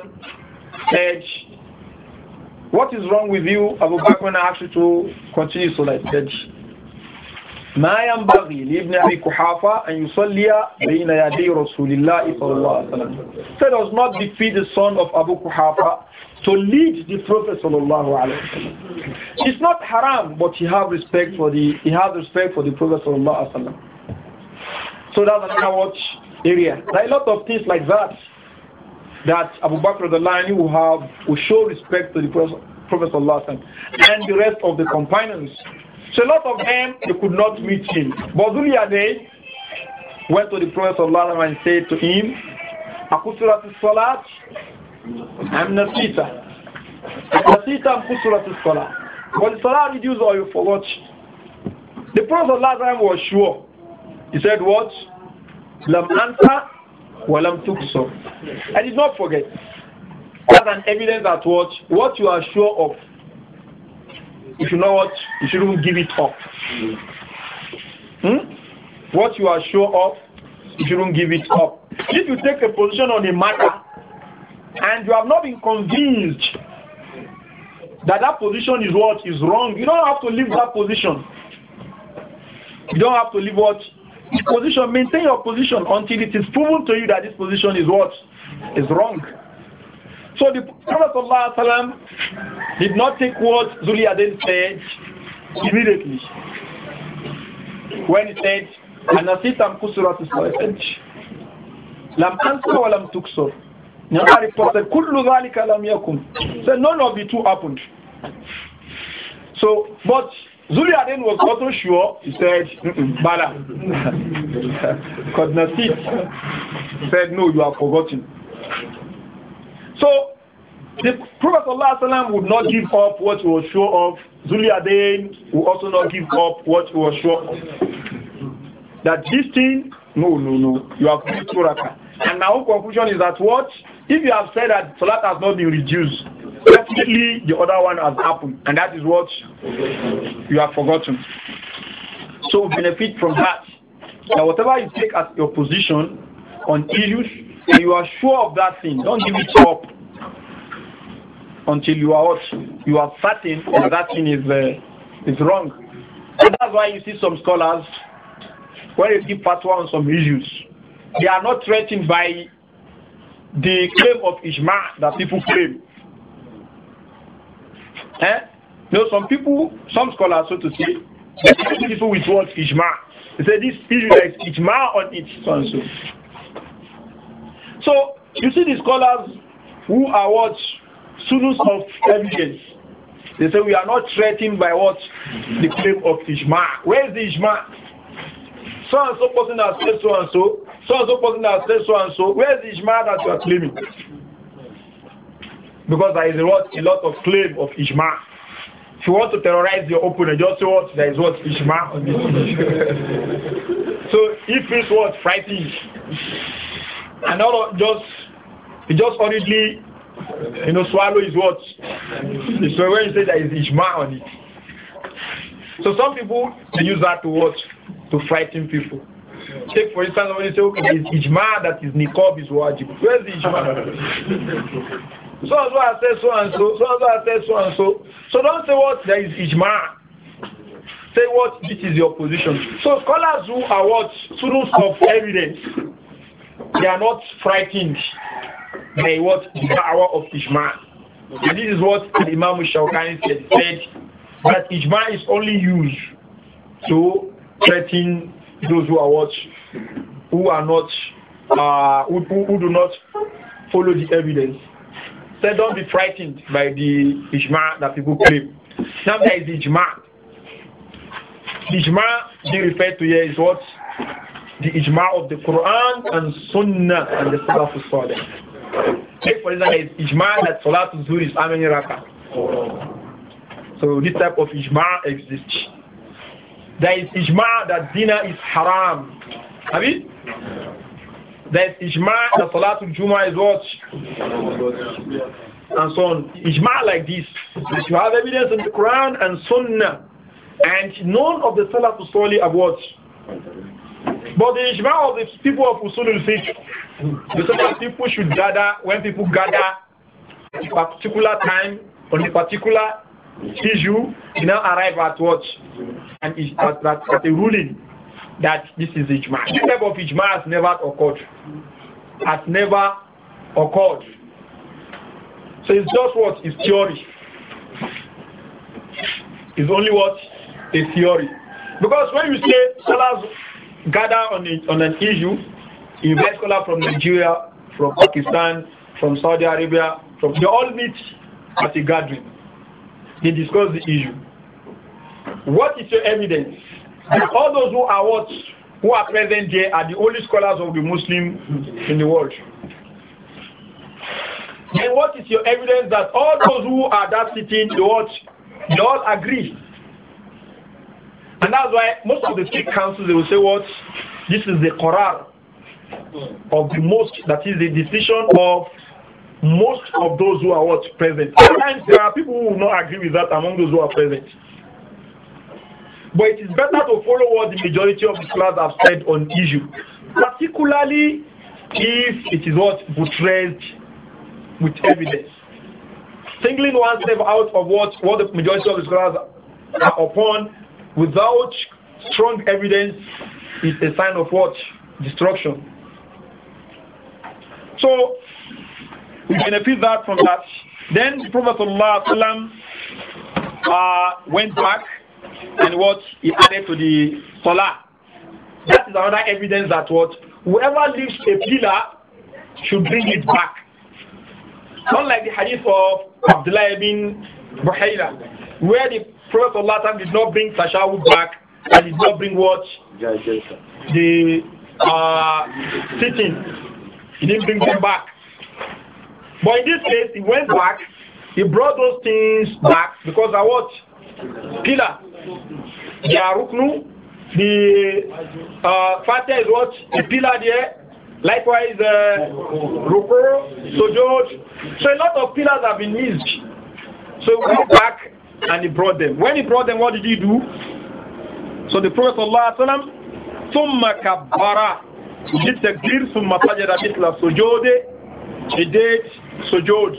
said, what is wrong with you, Abu Bakr, I asked you to continue Salah? So he ما ينبغي لابن أبي كحافة أن يصلي بين يدي رسول الله صلى الله عليه وسلم. So it does not defeat the son of Abu Kuhafa to lead the Prophet صلى الله عليه وسلم. It's not haram, but he have respect for the he have respect for the Prophet صلى الله عليه وسلم. So that's another watch area. There are a lot of things like that that Abu Bakr the Lion will have will show respect to the Prophet صلى الله عليه وسلم and the rest of the companions. So a lot of them, they could not meet him. But Zuliyadeh went to the Prophet of Allah and said to him, Akusurat salat, I'm Nasita. Nasita Akusurat salat. But the salat reduced or you forgot. The Prophet of Allah was sure. He said what? Lam answer, walam tukso. I did not forget. That's an evidence that what, what you are sure of you should not what you shouldn't give it up. Hmm? What you are sure of, you shouldn't give it up. If you take a position on a matter and you have not been convinced that that position is what is wrong, you don't have to leave that position. You don't have to leave what position. Maintain your position until it is proven to you that this position is what is wrong. So the Prophet Wasallam did not take what then said immediately. When he said, Anasitam kusurat said, Lam answer wa lam tuksur. Another report said, Kullu dhalika lam yakun. So none of the two happened. So, but then was not so sure. He said, Bala. <laughs> Because Nasid said, no, you have forgotten. So the Prophet ﷺ would not give up what he was sure of. Zuliadain would also not give up what he was sure of. That this thing, no, no, no, you have prayed two And my own conclusion is that what? If you have said that Salat has not been reduced, definitely the other one has happened. And that is what you have forgotten. So benefit from that. Now, whatever you take as your position on issues, you are sure of that thing, don't give it up until you are you are certain that that thing is uh, is wrong. And that's why you see some scholars when they give fatwa on some issues, they are not threatened by the claim of ijma that people claim. Eh? You know, some people, some scholars, so to say, they people with what ijma. They say this issue is ijma on its own. so. So you see the scholars who are what students of evidence. They say we are not threatened by what the claim of Ishma. Where is the Ishma? So and so person has said so and so. So and so person has said so and so. Where is the Ishma that you are claiming? Because there is a lot, a lot of claim of Ishma. If you want to terrorize your opponent, just say what there is what Ishma on this. <laughs> so if it's what frightening and all of just he just honestly, you know swallow his words. So when you say that is ijma on it. So some people they use that to watch to frighten people. Take for instance when you say okay it's ijma that is niqab is wajib. Where's the ijma? so and so I said so and so, so and so I said so and so. So don't say what there is ijma. Say what this is your position. So scholars who are what students of evidence they are not frightened by what the hour of Ijma. And this is what Imam Shawkani said, said that Ijma is only used to threaten those who are what who are not uh, who, who, do not follow the evidence. So don't be frightened by the ijma that people claim. Now there is ijma. ijma being referred to here is what the ijma of the Quran and Sunnah and the Salaf al Take for example, it's ijma that Salat al-Zuhr is how many rakah? So this type of ijma exists. There is ijma that dinner is haram. Have you? There is ijma that Salat al-Jum'ah is what? And so on. Ijma like this. If you have evidence in the Quran and Sunnah and none of the Salaf al-Salih have what? But the Ijma of the people of Usulul Fiqh, the that people should gather, when people gather at a particular time, on a particular issue, you now arrive at what? And at, at, at a ruling that this is Ijma. This type of Ijma has never occurred. Has never occurred. So it's just what is theory. It's only what? A theory. Because when you say Salah's gather on, a, on an issue, invite scholars from Nigeria, from Pakistan, from Saudi Arabia, from they all meet at a gathering. They discuss the issue. What is your evidence? That all those who are what who are present there are the only scholars of the Muslim in the world. Then what is your evidence that all those who are that sitting, the all, they all agree and that's why most of the state councils, they will say what? This is the Quran of the most, that is the decision of most of those who are what present. Sometimes there are people who will not agree with that among those who are present. But it is better to follow what the majority of the scholars have said on issue, particularly if it is what buttressed with evidence. Singling one step out of what, what the majority of the scholars are upon without strong evidence is a sign of what? Destruction. So we benefit that from that. Then the Prophet ﷺ, uh, went back and what he added to the Salah. That is another evidence that what whoever leaves a pillar should bring it back. Not like the hadith of Abdullah ibn Buhayla, where the Prophet Sallallahu did not bring Tashahud back and did not bring what? The uh, sitting. He didn't bring them back. But in this case, he went back. He brought those things back because I what? Pillar. The Aruknu. The uh, is what? The pillar there. Likewise, uh, so George. So a lot of pillars have been missed. So we go back and he brought them. When he brought them, what did he do? So the Prophet Allah ثُمَّ كَبَّرَ He did takbir, He did sujood.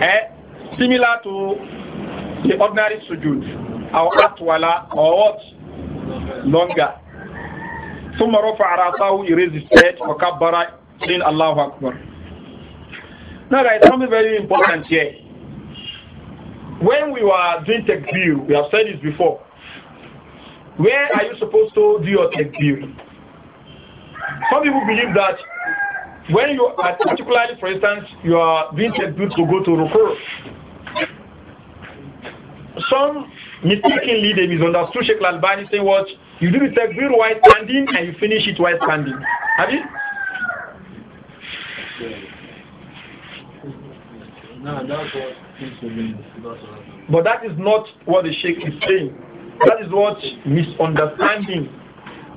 Eh? Similar to the ordinary sujood. Our atwala, or what? Longer. ثُمَّ رَفَعَ رَأْسَهُ He raised his head, وَكَبَّرَ saying Allahu Akbar. Now that is something very important here when we were doing tech bill, we have said this before. Where are you supposed to do your tech bill? Some people believe that when you are particularly, for instance, you are doing takbir to go to rukur. Some mistakenly they misunderstood Sheikh Al-Bani saying what you do the tech bill while standing and you finish it while standing. Have you? No, that's what but that is not what the Sheikh is saying. That is what misunderstanding.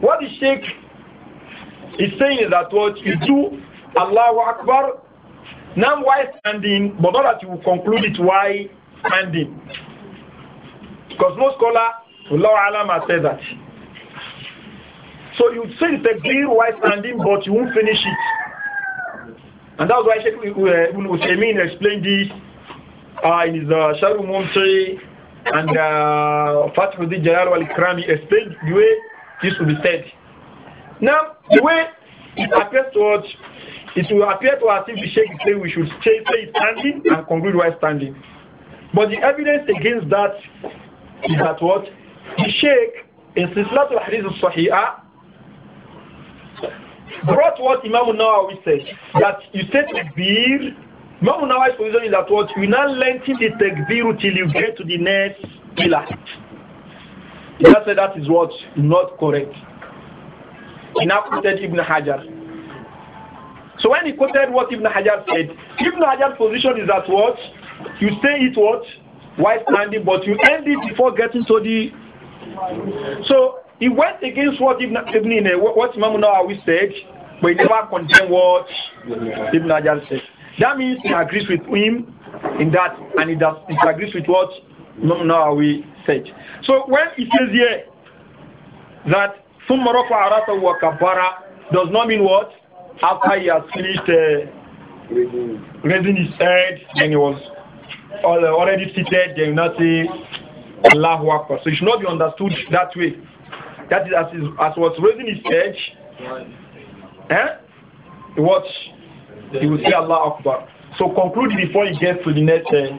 What the Sheikh is saying is that what you do, Allahu Akbar, now why standing, but not that you will conclude it why standing. Because no scholar, Allah Alama said that. So you say the takbir while standing, but you won't finish it. And that's why Sheikh Ibn Uthaymeen explained this uh, in the uh, of Mumti and uh, Fatih Jalal al Krami explained the way this will be said. Now, the way it appears to us, it will appear to us if the Sheikh is we should stay, stay standing and conclude while standing. But the evidence against that is that what? The Sheikh, in Sislatul Hadith al Sahih brought what Imam Nawawi said, that you say be. Imam Nawawi's position is that what you now lengthen the takbir till you get to the next pillar. He now said that is what not correct. He now quoted Ibn Hajar. So when he quoted what Ibn Hajar said, Ibn Hajar's position is that what you say it what while standing, but you end it before getting to the. So he went against what Ibn, Ibn what Imam Nawawi said, but he never condemned what Ibn Hajar said. That means he agrees with him in that, and he, does, he agrees with what no, no, we said. So when it says here that ثم رفع رأسه does not mean what? After he has finished uh, raising his head then he was uh, already seated, then you not say Allahu Akbar. So it should not be understood that way. That is as, as was raising his head. Eh? He he will say Allah Akbar. So conclude before you get to the next. Uh,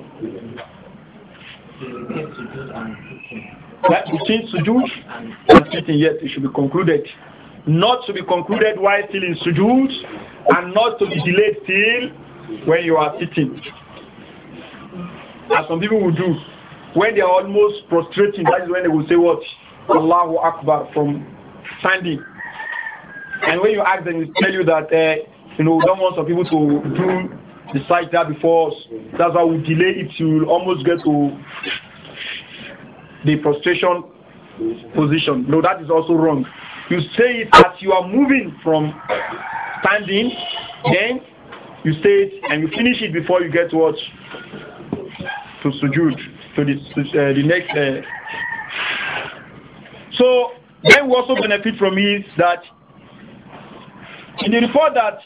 that between sujood and sitting, yes, it should be concluded. Not to be concluded while still in sujood, and not to be delayed till when you are sitting. As some people will do, when they are almost prostrating, that is when they will say what? Allahu Akbar from standing. And when you ask them, they tell you that uh, you know, we don't want some people to do decide that before us. That's why we delay it to almost get to the prostration position. No, that is also wrong. You say it as you are moving from standing, then you say it and you finish it before you get what? To sujood, to the, uh, the next. Uh. So, then we also benefit from is that in the report that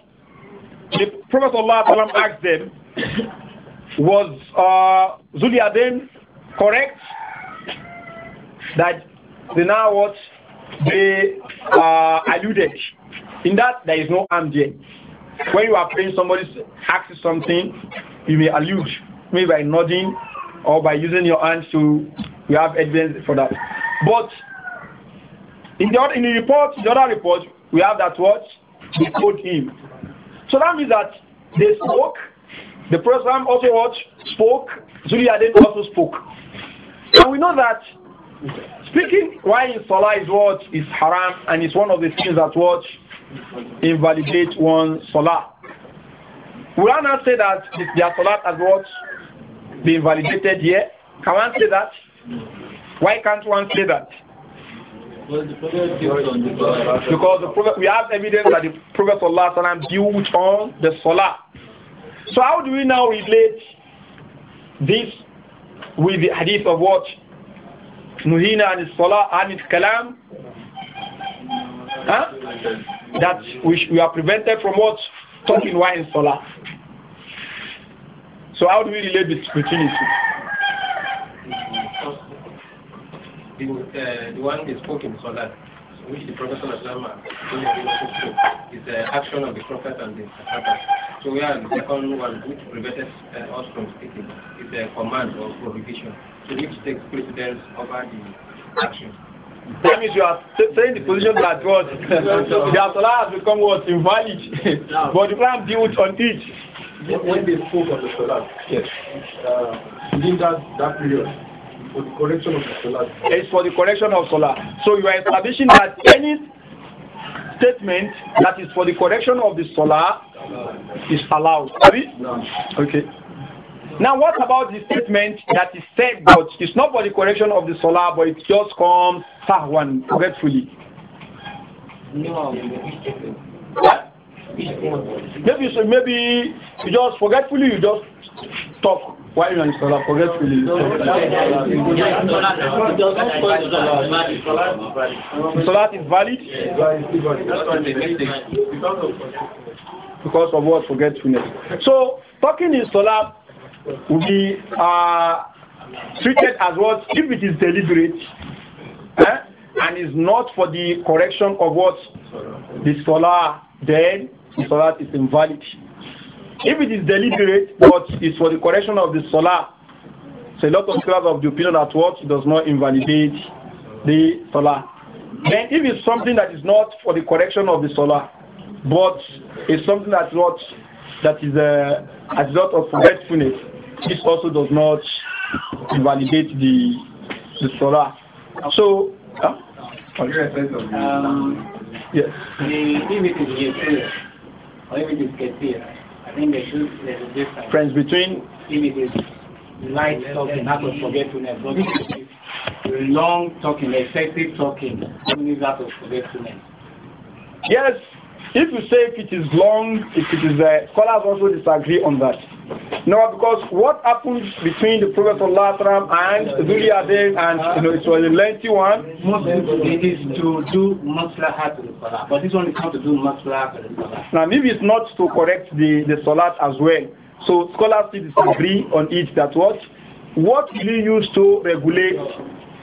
the Prophet Allah asked them, was uh, correct that the now what they uh, alluded? In that, there is no harm there. When you are praying, somebody asks something, you may allude, maybe by nodding or by using your hands to, you have evidence for that. But in the, in the report, the other report, we have that what? They told him. So that means that they spoke. The Prophet also what? Spoke. Zulia then also spoke. And we know that speaking while in Salah is what is haram and it's one of the things that what invalidate one Salah. Will I not say that their Salah has what been validated here? Can one say that? Why can't one say that? because the prophet, we have evidence that the Prophet Sallallahu built on the Salah. So how do we now relate this with the hadith of what? Nuhina and Salah and Kalam? Huh? That we, we are prevented from what? Talking while in Salah. So how do we relate this between the two? the, uh, the one they spoke in Salat, which the Prophet is the action of the Prophet and the Sahaba. So we are the second one which prevented uh, us from speaking. is the command or prohibition. So which takes precedence over the action. That means you are saying the position that what <laughs> the salah has become was invalid, but the Quran builds on it. When they spoke of the salah, yes, uh, within that that period, for the correction of solar. It's for the correction of solar. So you are establishing that any statement that is for the correction of the solar is allowed. No. Okay. Now, what about the statement that is said, but it's not for the correction of the solar, but it just comes sahwan, forgetfully? No. What? Maybe so maybe you just forgetfully you just talk don't you're to Salah, So that is valid? Because of what? Forgetfulness. So, talking in solar will be uh, treated as what? If it is deliberate eh, and is not for the correction of what? The solar, then the Salah is invalid. If it is deliberate, but it's for the correction of the solar, so a lot of scholars of the opinion that what does not invalidate the solar. Then if it's something that is not for the correction of the solar, but it's something that's not that is uh, a a result of forgetfulness, this also does not invalidate the the solar. So, um, yes. The limit is kefir. Limit is I think there should there's a difference. Friends between if it is light talking, out of forgetfulness, but if it is long talking, excessive talking, even if out of forgetfulness. Yes, if you say if it is long, if it is uh, scholars also disagree on that. No, because what happened between the Prophet and Zuliyaden and you know it was a lengthy one. it is to do maslahat al but this one is not to do maslahat al Now maybe it's not to correct the the salat as well. So scholars still disagree on it that what what do you use to regulate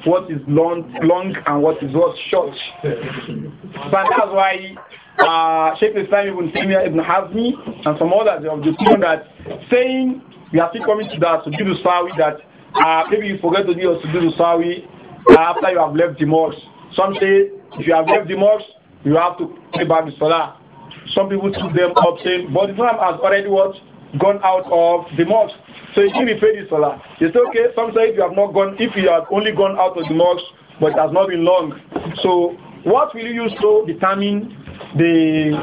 what is long, long and what is what short. And that's why uh, Sheikh Islam Ibn Taymiyyah Ibn Hazmi and some others of the opinion that saying we are still coming to that To do the sawi that uh, maybe you forget to do your do the sawi uh, after you have left the mosque. Some say if you have left the mosque, you have to pay back the salah. Some people took them up saying, but the Islam has already what gone out of the mosque. So he did salah. He said, okay, sometimes if you have not gone, if you have only gone out of the mosque, but it has not been long. So what will you use to determine the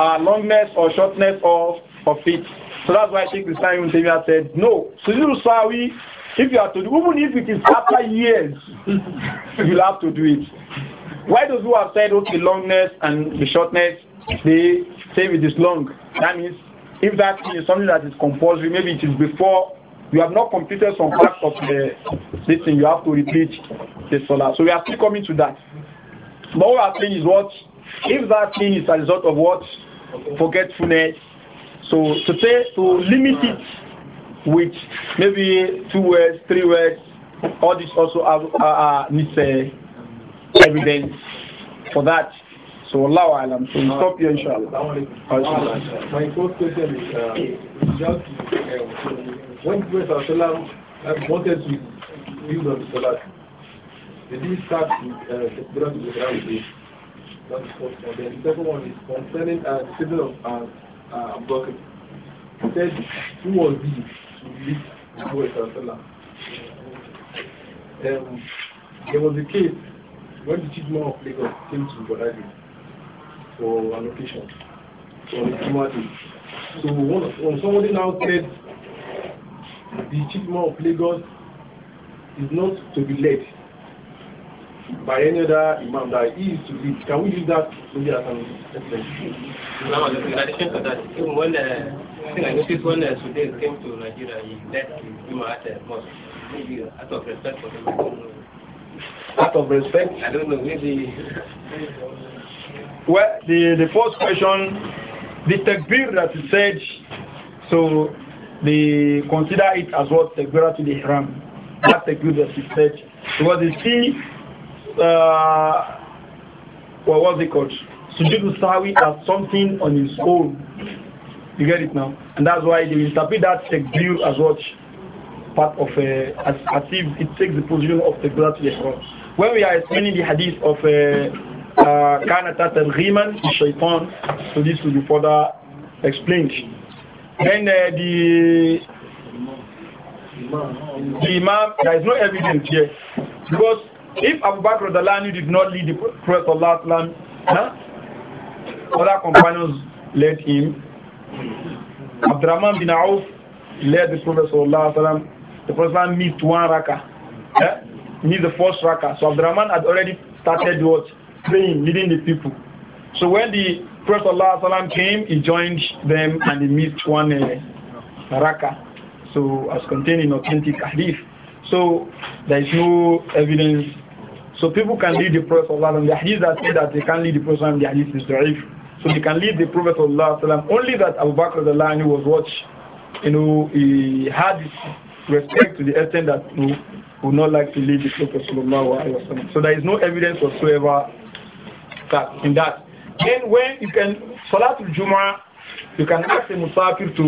uh, longness or shortness of, of it? So that's why Sheikh Islam Ibn said, no, Sujudu Sawi, if you have to do, even if it is after years, <laughs> you'll have to do it. Why those who have said, okay, longness and the shortness, they say it is long. That means if that is something that is compulsory, maybe it is before you have not completed some parts of the this thing, you have to repeat the solar. So we are still coming to that. But what I'm saying is what if that thing is a result of what forgetfulness. So to say to limit it with maybe two words, three words, all this also have, uh, uh needs uh, evidence for that. So Allah alam. So we uh, stop here inshallah. Uh, my first question is uh, just uh, when Prophet Sallallahu Alaihi uh, wanted to build on the Salat, did he start with uh, the Quran That's the first one. Then the second one is concerning uh, the of uh, uh, Abu Bakr. He said, who was he to lead the Prophet Sallallahu um, There was a case when the children of Lagos came to Bodagi for allocation for the Iwadi. So when, when somebody now said the achievement of Lagos is not to be led by any other imam that he is to lead, can we use that maybe as an exception? No, in addition to that, when uh, I noticed when uh, Sudan came to Nigeria, he led the Juma at a uh, mosque. Maybe out of respect for him, I don't know. Out of respect? I don't know, maybe. <laughs> Well, the, the first question, the takbir that is said, so they consider it as what takbir to the ihram. That takbir that is said. Because they see, uh, well, was it called? Sujud Sawi as something on its own. You get it now? And that's why they interpret that takbir as what part of a, uh, as, as if it takes the position of the to the ihram. When we are explaining the hadith of uh, كانت ترغيما للشيطان so this will be further explained then uh, the the imam there is no evidence here because if Abu Bakr Dalani did not lead the Prophet Allah huh? other companions led him Abdurrahman bin Auf led the Prophet Sallallahu the Prophet missed one raka eh? missed the first raka so Abdurrahman had already started what praying, leading the people. So when the Prophet ﷺ came, he joined them and he missed one uh, raka. So as contained in authentic hadith. So there is no evidence. So people can lead the Prophet ﷺ. The hadith that say that they can lead the Prophet and the hadith is derived. So they can lead the Prophet ﷺ. Only that Abu Bakr Lion was what, you know, he had respect to the extent that you know, would not like to lead the Prophet ﷺ. So there is no evidence whatsoever in that. Then when you can, Salatul Jumu'ah, you can ask a Musafir to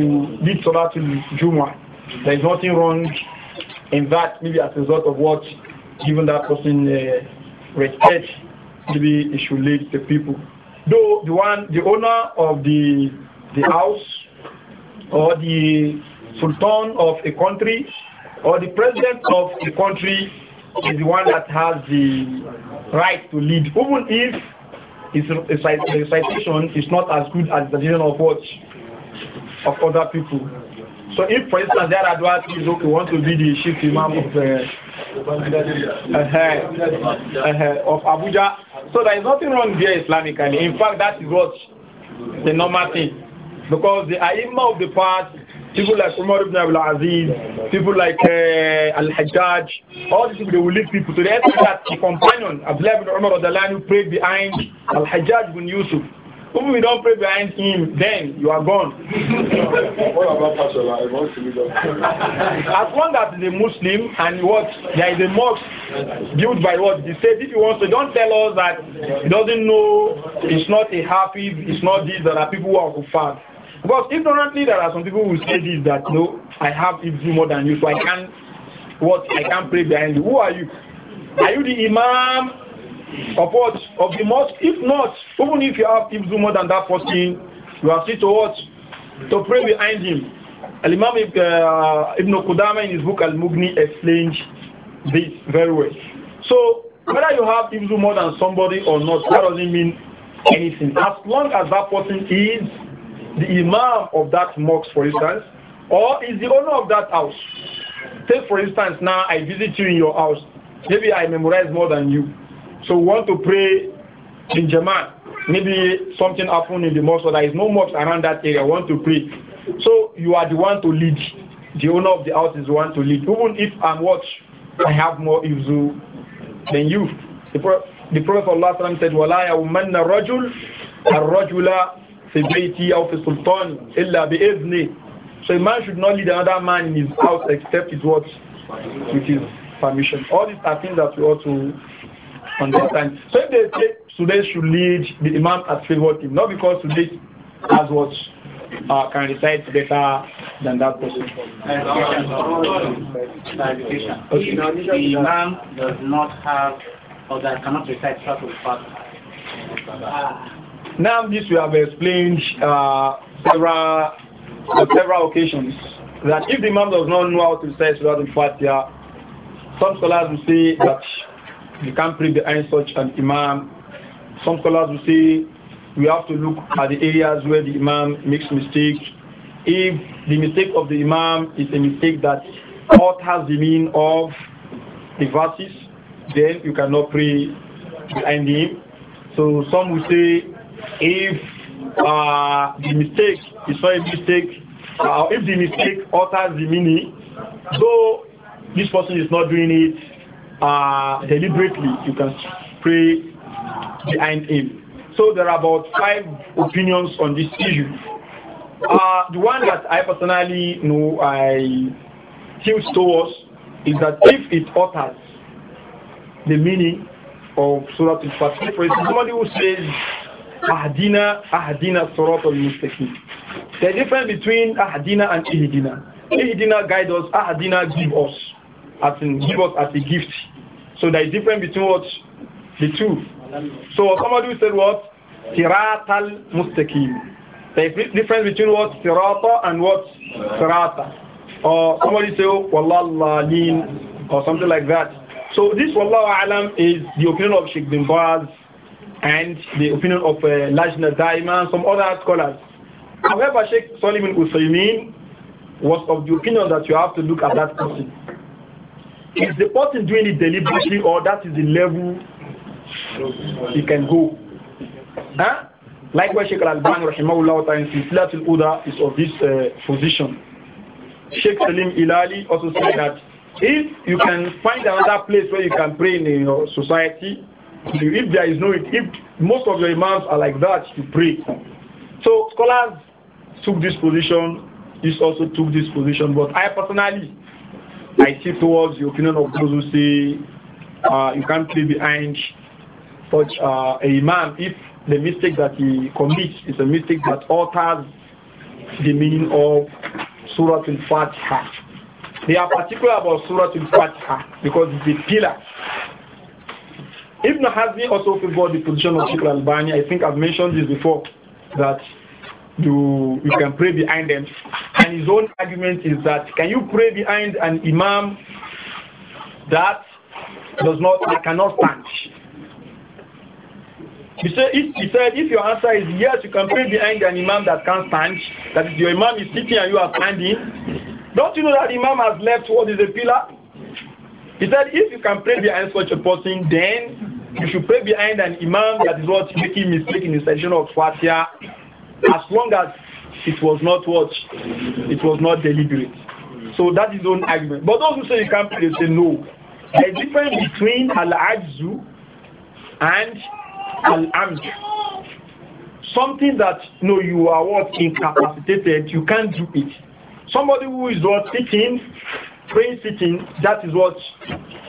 lead Salatul Jumu'ah. There is nothing wrong in that, maybe as a result of what given that person uh, respect, maybe it should lead the people. Though the one, the owner of the the house, or the sultan of a country, or the president of a country is the one that has the right to lead, even if his citation is not as good as the vision of what? Of other people. So if, for instance, there are Adwat is okay, want to be the chief imam of, uh, uh, uh, of Abuja, so there is nothing wrong there Islamically. In fact, that is what the normal thing. Because the Aima of the past people like Umar ibn Abdul Aziz, people like uh, Al-Hajjaj, all these people, they will lead people to the extent that the companion, Abdullah ibn Umar Radalani, prayed behind Al-Hajjaj ibn Yusuf. If we don't pray behind him, then you are gone. what about Pashola? As long as the a Muslim and what there is a mosque built by what he said, if he wants to, don't tell us that he doesn't know, it's not a happy, it's not this, there are people who are kuffar. But ignorantly, there are some people who say this that no, I have Ibzu more than you, so I can't what I can't pray behind you. Who are you? Are you the Imam of what of the mosque? If not, even if you have Ibzu more than that person, you are still to what to pray behind him. Al Imam uh, Ibn Qudama in his book Al Mughni explains this very well. So whether you have Ibzu more than somebody or not, that doesn't mean anything. As long as that person is the imam of that mosque, for instance, or is the owner of that house. Take, for instance, now I visit you in your house. Maybe I memorize more than you. So we want to pray in Jaman. Maybe something happened in the mosque, or there is no mosque around that area. want to pray. So you are the one to lead. The owner of the house is the one to lead. Even if I'm what I have more izu than you. The, the Prophet Allah said, "Wala yawmanna rajul ar في بيتي أو في سلطاني إلا بإذنه So a man should not lead another man in his house except it what with his permission. All these are things that we ought to understand. So if they say students should lead the imam as favored him, not because today has what uh, can recite better than that person. Okay. The imam does not have or cannot recite part of the now, this we have explained uh, several, on several occasions that if the Imam does not know how to say Surah Al-Fatiha, some scholars will say that you can't pray behind such an Imam. Some scholars will say we have to look at the areas where the Imam makes mistakes. If the mistake of the Imam is a mistake that alters the meaning of the verses, then you cannot pray behind him. So some will say if uh, the mistake is not a mistake, uh, if the mistake alters the meaning, though this person is not doing it uh, deliberately, you can pray behind him. So there are about five opinions on this issue. Uh, the one that I personally know I feel towards is that if it alters the meaning of Surah Al-Fatiha, for instance, somebody who says Ahdina, Ahdina, Surat mustaqim The difference between Ahdina and Ihdina. Ihdina guide us, Ahdina give us, as in give us as a gift. So there is difference between what? The two. So somebody said what? Sirat There is difference between what? Sirata and what? Sirata. Or somebody say, oh, Wallallalin, or something like that. So this Wallahu Alam is the opinion of Sheikh bin Baz, and the opinion of uh, Lajna Daima, some other scholars. However, Sheikh Solomon Usaymin was of the opinion that you have to look at that person. Is the person doing it deliberately or that is the level he can go? Huh? Likewise, Sheikh Al-Albani, rahimahullah ta'ala, in Silatul Uda is of this uh, position. Sheikh Salim Ilali also said that if you can find another place where you can pray in your society, if there is no, if most of your imams are like that, you pray. So scholars took this position. This also took this position. But I personally, I see towards the opinion of those who say uh, you can't play behind such uh, a imam if the mistake that he commits is a mistake that alters the meaning of Surah Al-Fatiha. They are particular about Surah Al-Fatiha because it's a pillar Ibn Hazmi also favored the position of Sheikh Al-Bani. I think I've mentioned this before, that you, you can pray behind them. And his own argument is that, can you pray behind an imam that does not, that cannot stand? He said, if, he said, if your answer is yes, you can pray behind an imam that can't stand, that your imam is sitting and you are standing, don't you know that imam has left what is a pillar? He said, if you can pray behind such a person, then you should pray behind an imam that is not making mistake in the session of Fatia, as long as it was not what it was not deliberate. So that is own argument. But those who say you can't pray, they say no. There is a difference between al-ajzu and al-amd. Something that you no, know, you are what incapacitated, you can't do it. Somebody who is what speaking train sitting, that is what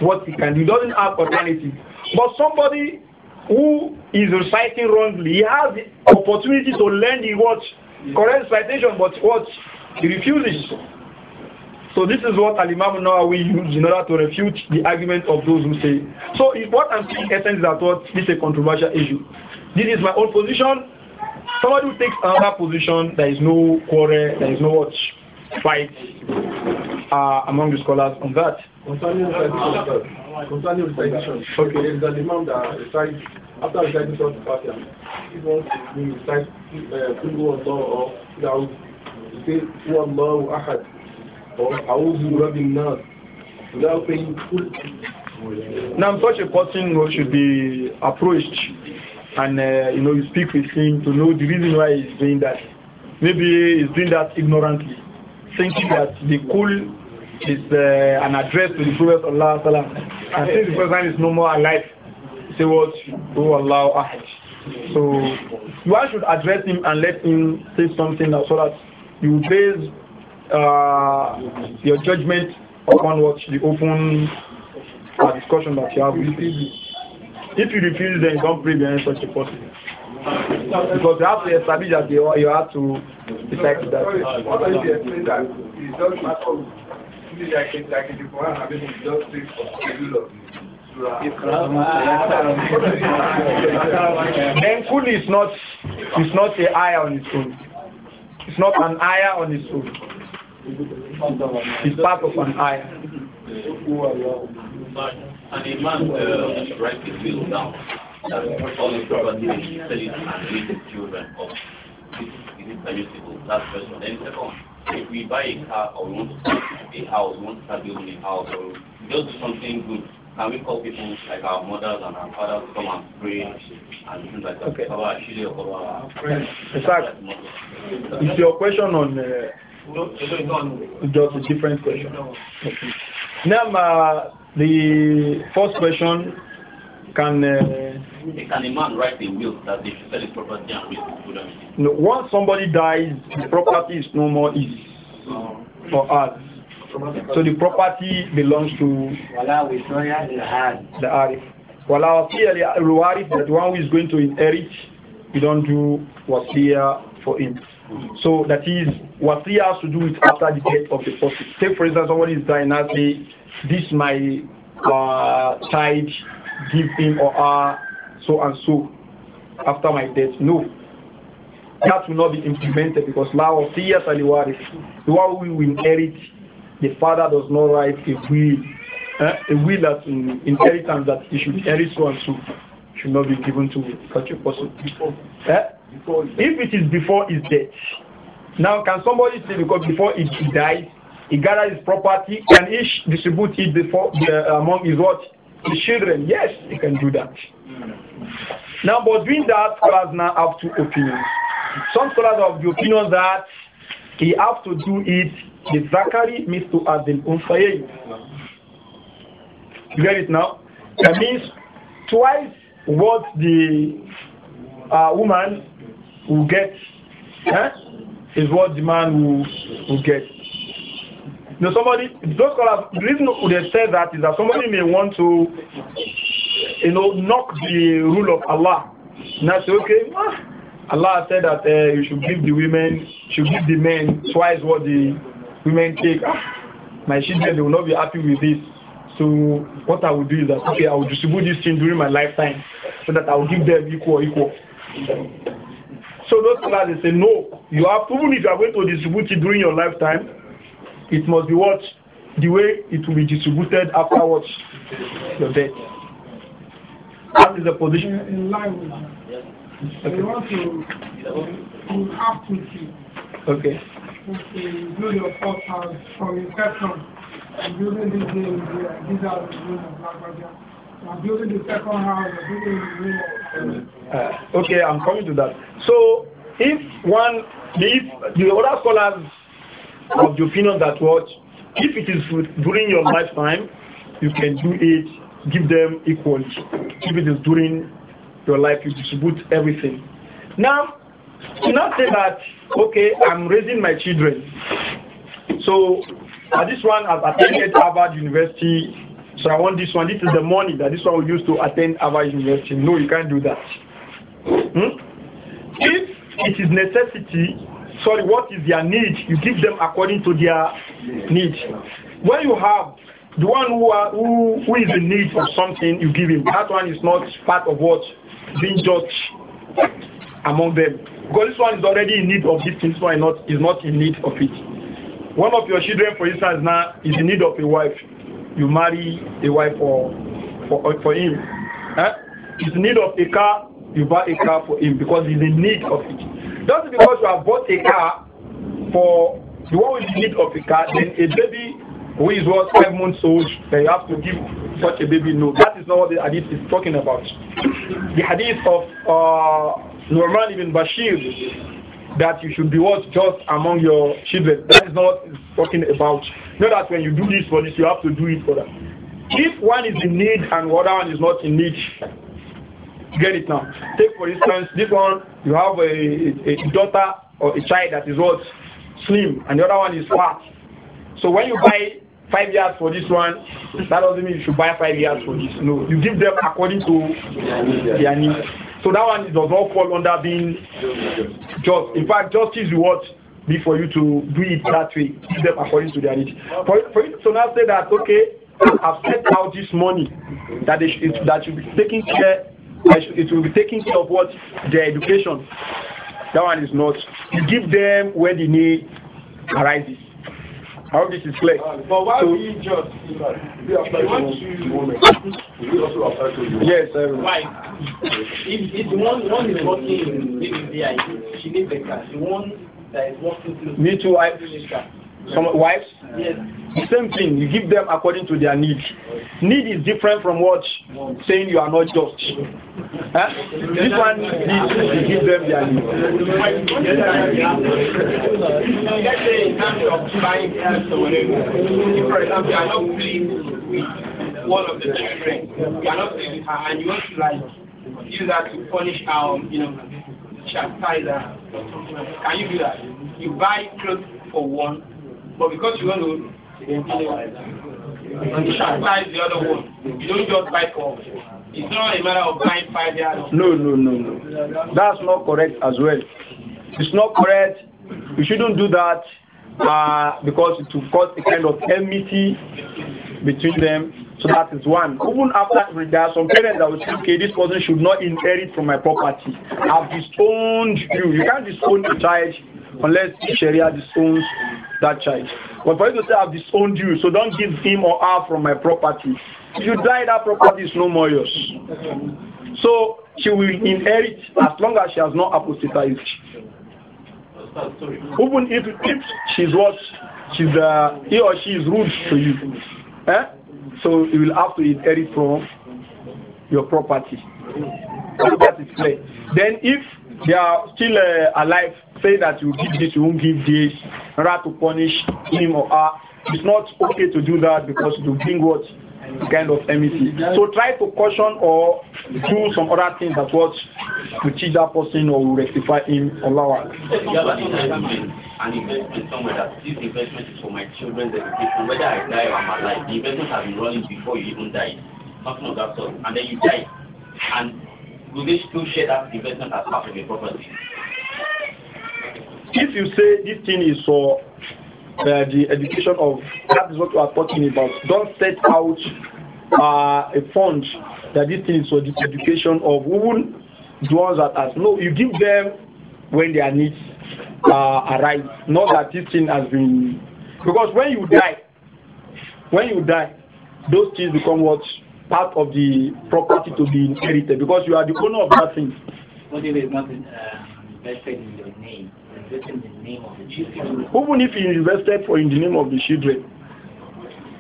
what he can do. He doesn't have opportunity. But somebody who is reciting wrongly, he has the opportunity to learn the what correct citation, but what he refuses. So this is what Al-Imam Nawawi used in order to refute the argument of those who say. So if what I'm saying essence is that what this is a controversial issue. This is my own position. Somebody who takes another position, there is no quarrel, there is no what fight uh, among the scholars on that. Concerning recitation, concerning recitation, okay. there is an imam that recites, after reciting Surah Al-Fatiha, he wants to recite Qul uh, or Daud, he says Qul or Ahad, or A'udhu Rabbin Nas, without saying Qul. Now such a person should be approached and uh, you know you speak with him to know the reason why he's doing that. Maybe he's doing that ignorantly, thinking that the cool is uh, an address to the Prophet Allah Salaam. And since the Prophet is no more alive, say what oh Allah Ahad. So one should address him and let him say something so that you base uh, your judgment upon what the open uh, discussion that you have with him. If you refuse, then don't pray behind such a person. Because you have to establish that you, have to decide that. Please, I is not is not a eye on its own. It's not an eye on its own. It's part of an eye. And a man uh, writes his will down. That's all his property is selling and raising children of. Is it permissible? That person, one. Then second if we buy a car or we want to a house, we want to start building a house or just do something good, can we call people like our mothers and our fathers to come and pray and things like that? Okay. In fact, it's your question on. Uh, just a different question. Now, uh, the first question can. Uh, can a man write a will that they should sell his property and raise his children? No, once somebody dies, the property is no more his oh. for us. So the property belongs to the Arif. Wala clearly ruwarif that one who is going to inherit, We don't do here for him. So that is what he has to do with after the death of the person. Say for instance somebody is dying and say, this my uh, child give him or her so and so after my death. No. That will not be implemented because law of fear The one who will inherit, the father does not write a will. Uh, a will that in inheritance that he should inherit so and so should not be given to such a person. Before, uh, before if it is before his death. Now can somebody say because before he dies, he gathers his property and each distribute it before uh, among his what the children, yes, you can do that. Now, but doing that, scholars now have two opinions. Some scholars have the opinion that he have to do it the Zakari means to add You get it now? That means twice what the uh, woman will get eh, is what the man will, will get. You know, somebody, those scholars, the reason they say that is that somebody may want to, you know, knock the rule of Allah. And I say, okay, ah, Allah said that uh, you should give the women, should give the men twice what the women take. Ah, my children, they will not be happy with this. So what I will do is that, okay, I will distribute this thing during my lifetime so that I will give them equal, equal. So those scholars, they say, no, you have proven if you are going to distribute it during your lifetime it must be what? The way it will be distributed afterwards, your death. That is the position. In, in line with that. Yes. Okay. want to, to have to see. Okay. To do your first house from inception. building this day, these are the rules of Lagbaja. i building the second house, building the rules of... Uh, okay, I'm coming to that. So, if one, if the other scholars of the opinion that what if it is during your lifetime, you can do it, give them equally. If it is during your life, you distribute everything. Now, do not say that, okay, I'm raising my children. So, uh, this one has attended Harvard University, so I want this one. This is the money that this one will use to attend Harvard University. No, you can't do that. Hmm? If it is necessity, sorry, what is their need? You give them according to their need. When you have the one who, are, who, who is in need of something, you give him. That one is not part of what being judged among them. Because this one is already in need of this thing, so one is not, is not in need of it. One of your children, for instance, now is in need of a wife. You marry a wife for, for, for him. He's in need of a car, you buy a car for him because he's in need of it. Just because you have bought a car for the one with the need of a car, then a baby who is what five months old, then you have to give such a baby no. That is not what the hadith is talking about. The hadith of uh, Norman ibn Bashir that you should be what just among your children. That is not what it's talking about. Not that when you do this for this, you have to do it for that. If one is in need and the other one is not in need, get it now. Take for instance, this one, you have a, a, a daughter or a child that is what? Slim, and the other one is fat. So when you buy five years for this one, that doesn't mean you should buy five years for this. No, you give them according to their needs. So that one does not fall under being just. In fact, justice is what be for you to do it that way, give them according to their needs. For, for you to now say that, okay, I've set out this money that they should, that should be taken care it will be taking care of what? Their education. That one is not. You give them where the need arises. I hope this is clear. But why so, we just you know, we apply to women? We also apply to you. Yes. Um, why? If, if one one is working in the she needs the car. The one that is working to me too. I. Some wives? Yes. same thing. You give them according to their need. Need is different from what saying you are not just. Huh? This one needs to give them their need. Let's say in terms of buying food or whatever, for example, you are not pleased with one of the children, you are not pleased with her, and you want to like use that to punish our, um, you know, chastise her. Can you do that? You buy clothes for one but because you want to sanitize the other one, you don't just bite for. It's not a matter of buying five yards. No, no, no, no. That's not correct as well. It's not correct. You shouldn't do that uh, because it will cause a kind of enmity between them. So that is one. Even after there are some parents that will say, okay, this person should not inherit from my property. I've disowned you. You can't disown a child unless Sharia disowns that child. But for you to say, I've disowned you, so don't give him or her from my property. If you die, that property is no more yours. So she will inherit as long as she has not apostatized. Even if, if she's what she's uh, he or she is rude to you, eh? so you will have to inherit from your property. That is clear. Then if they are still uh, alive say that you give this, you won't give this, in order to punish him or her. It's not okay to do that because you bring what kind of enmity. So try to caution or do some other things that what to teach that person or rectify him. or Allah. And invest in somewhere that this investment is for my children's education, whether I die or I'm alive. The investment has been running before you even die. Something of that sort. And then you die. And will they still share that investment as part of your property? If you say this thing is for uh, the education of, that is what we are talking about. Don't set out uh, a fund that this thing is for the education of women, the at us. No, you give them when their needs uh, arise. Not that this thing has been. Because when you die, when you die, those things become what? Part of the property to be inherited because you are the owner of that thing. What if not uh, invested in your name? Even if you invested for in the name of the children.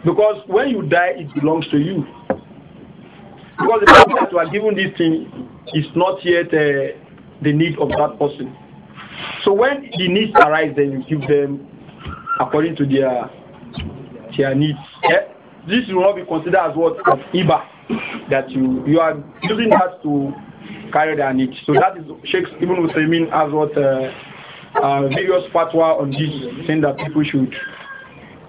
Because when you die, it belongs to you. Because the person that was given this thing is not yet uh, the need of that person. So when the needs arise, then you give them according to their their needs. Yeah? This will not be considered as what as iba that you you are using that to carry their needs. So that is Sheikh Ibn mean as what. Uh, uh, various fatwa on this, saying that people should,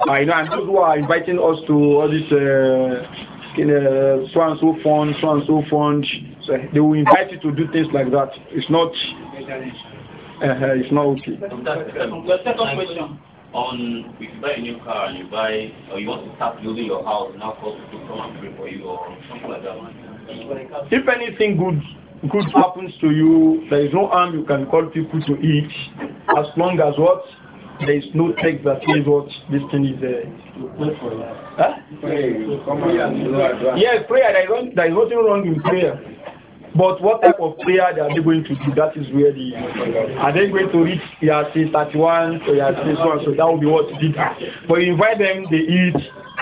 uh, you know, and those who are inviting us to all this, uh, you uh, know, so and so fund, so and so fund, so they will invite you to do things like that. It's not, uh, it's not okay. second question. On if you buy a new car and you buy, or you want to start building your house, now cost to come and pay for you or something like that. If anything good good happens to you, there is no harm you can call people to eat as long as what? There is no text that says what this thing is. there. Uh, huh? Pray. Yes, prayer. there is nothing wrong in prayer. But what type of prayer they are going to do, that is where the, are they going to reach Yasi 31 or Yasi so and so, that will be what did. But you invite them, they eat,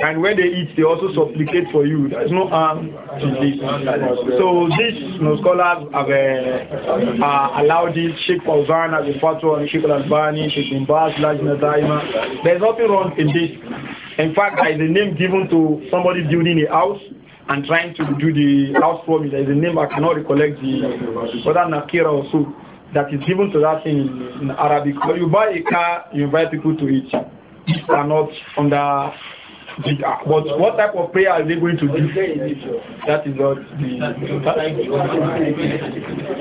and when they eat, they also supplicate for you. There is no harm to this. So these you know, scholars have uh, uh, allowed this. Sheikh Fauzan has a fatwa on Sheikh Al-Albani, Sheikh Imbaz, Lajna Daima. There is nothing wrong in this. In fact, there is the name given to somebody building a house and trying to do the house promise, There is a name I cannot recollect the whether Nakira or so that is given to that thing in, Arabic. When you buy a car, you invite people to it. These are not under but what type of prayer are they going to do? That is not the.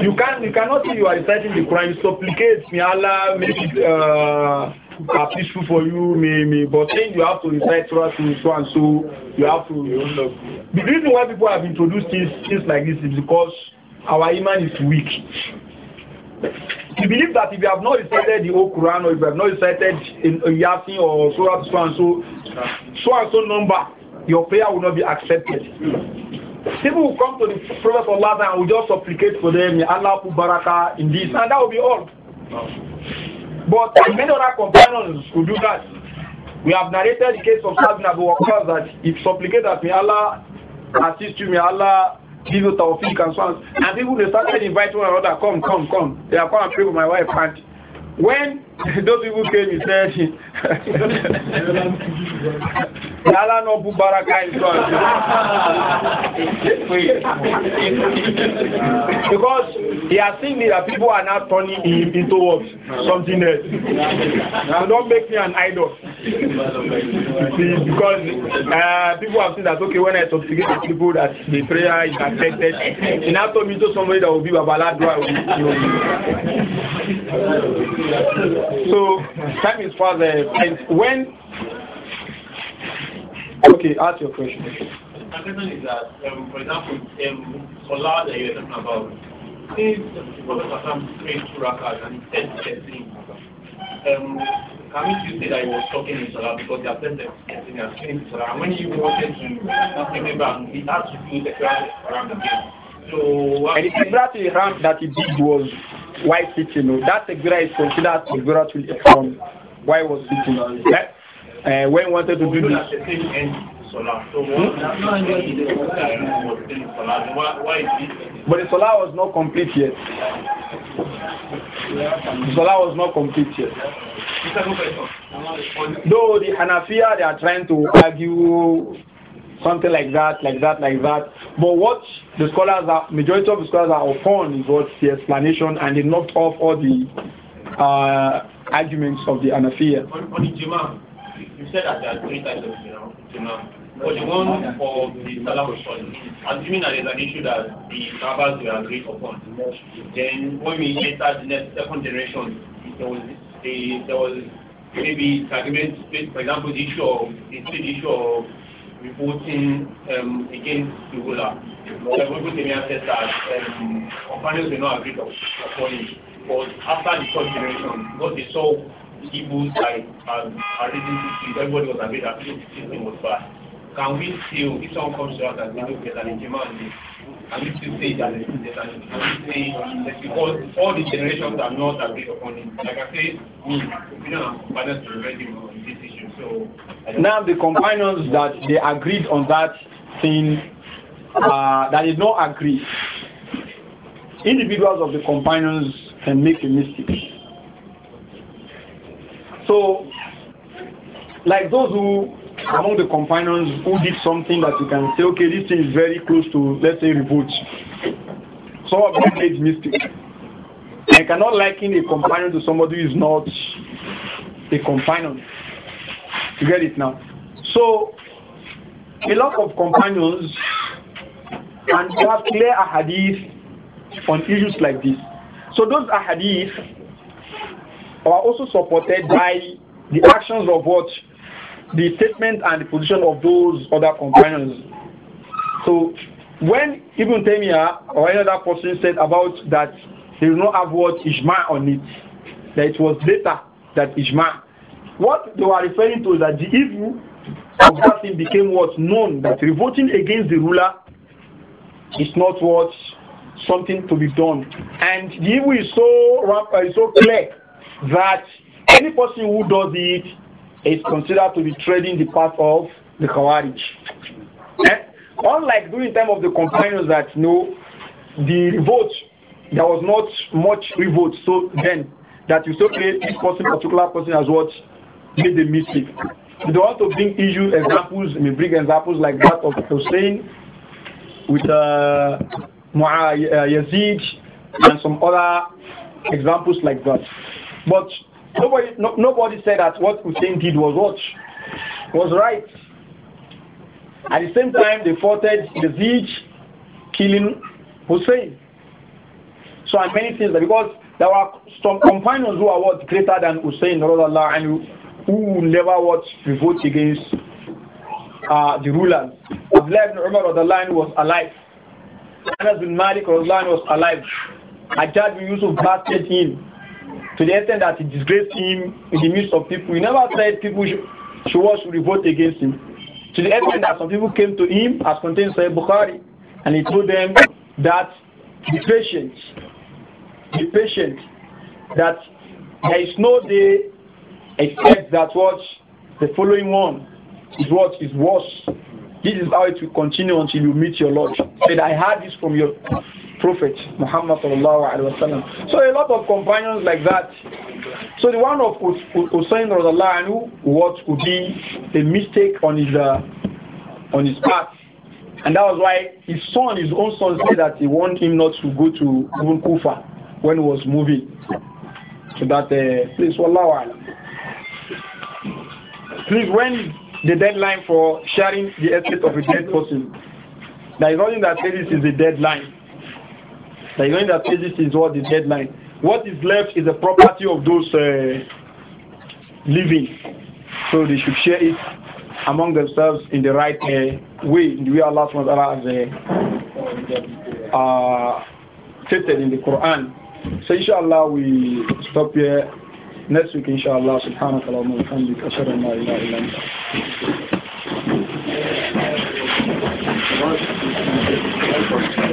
You can you cannot say you are reciting the Quran. supplicate, may Allah make it. Uh, are peaceful for you, may, but then you have to recite Torah to so and so, you have to. The reason why people have introduced things, things like this is because our iman is weak. We believe that if you have not recited the whole Quran or if you have not recited in Yasin or Surah so and so, so and so number, your prayer will not be accepted. People will come to the Prophet Allah and will just supplicate for them, Allah put barakah in this, and that will be all. But many other companions could do that. We have narrated the case of Sa'd Abu Waqqas that if supplicate that may Allah assist you, may Allah give you tawfiq and so on. And people they started inviting one another, come, come, come. They are come and pray with my wife, auntie. When those people came, he said, Yala no bu baraka in front. Because he has seen that people are now turning him into Something else. So don't make me an idol. because uh, people have seen that okay when I subjugate the people that the prayer is accepted and now told me to somebody that will be Babaladra so time is fast uh, and when okay ask your question my question is that um, for example um, Salah uh, that you were talking about since the Prophet Hassan prayed two rakas and he said the same um, can you say that he was talking in Salah because he has said that he has finished Salah? And when he wanted to not remember, he had to do the crown around again. So, and the Ibratul Ihram that he did was while sitting. You know, that Ibrah is considered to Ibratul from Why was sitting? Right? Uh, eh, eh, when he wanted to do that. So, hmm? But the Salah was not complete yet. So salah was not complete yet. Though the Hanafiya, they are trying to argue something like that, like that, like that. But what the scholars are, majority of the scholars are upon is what the explanation, and they knocked off all the uh, arguments of the Hanafiya. On, on the Jima, you said that there are three types of Jima for the one for the salah portion, assuming that there's an issue that the Sahabas were agreed upon, then when we enter the next second generation, there was a, there was maybe arguments, for example, the issue of the issue of reporting um, against the ruler. Like people may have said that um, were not agreed upon it, but after the third generation, what they saw the evil side and, and everybody was agreed that this system was bad can we still, if someone comes to us and look at that is humanity, and we still say that it's humanity? Can because all the generations are not agreed upon it? Like I say, me, we don't have partners to already on this issue. So now the companions that they agreed on that thing, uh, that not agreed. Individuals of the companions can make a mistake. So, like those who among the companions who did something that you can say, okay, this thing is very close to, let's say, revolt. Some of them made mistakes. I cannot liken a companion to somebody who is not a companion. You get it now? So, a lot of companions, and they have clear ahadith on issues like this. So those ahadith are also supported by the actions of what the statement and the position of those other companions. So when Ibn Taymiyyah or another person said about that they will not have what Ijma on it, that it was later that Ijma. What they were referring to is that the evil of that thing became what known that revolting against the ruler is not what something to be done. And the evil is so, uh, so clear that any person who does it is considered to be treading the path of the Khawarij. Eh? Unlike during time of the companions that you know the revolt, there was not much revolt so then that you so create this person, particular person as what made the mistake. If they want to bring issue examples, I mean, bring examples like that of Hussein with uh, uh, Yazid and some other examples like that. But Nobody, no, nobody said that what Hussein did was what was right. At the same time, they faulted the siege killing Hussein. So and many things because there were some companions who are what greater than Hussein and who never what revolt against uh, the rulers. Abdullah ibn Umar of the line was alive. Anas bin Malik the was alive. Ajad bin Yusuf blasted him to the extent that he disgraced him in the midst of people. He never said people should, should, should revolt against him. To the extent that some people came to him, as contained in Bukhari, and he told them that be patient, be patient, that there is no day except that what the following one is what is worse. This is how it will continue until you meet your Lord. Said, I heard this from your Prophet Muhammad sallallahu alaihi wasallam. So a lot of companions like that. So the one of Usain radiallahu anhu, what could be a mistake on his uh, on his part, and that was why his son, his own son, said that he wanted him not to go to even Kufa when he was moving to that uh, place. Wallahu alam. Please, when the deadline for sharing the estate of a dead person? There is nothing that says this is a deadline. The event that says is what the deadline. What is left is the property of those uh, living. So they should share it among themselves in the right uh, way, in the way Allah has uh, uh, stated in the Quran. So inshallah we stop here. Next week inshallah subhanahu wa ta'ala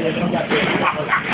ashhadu an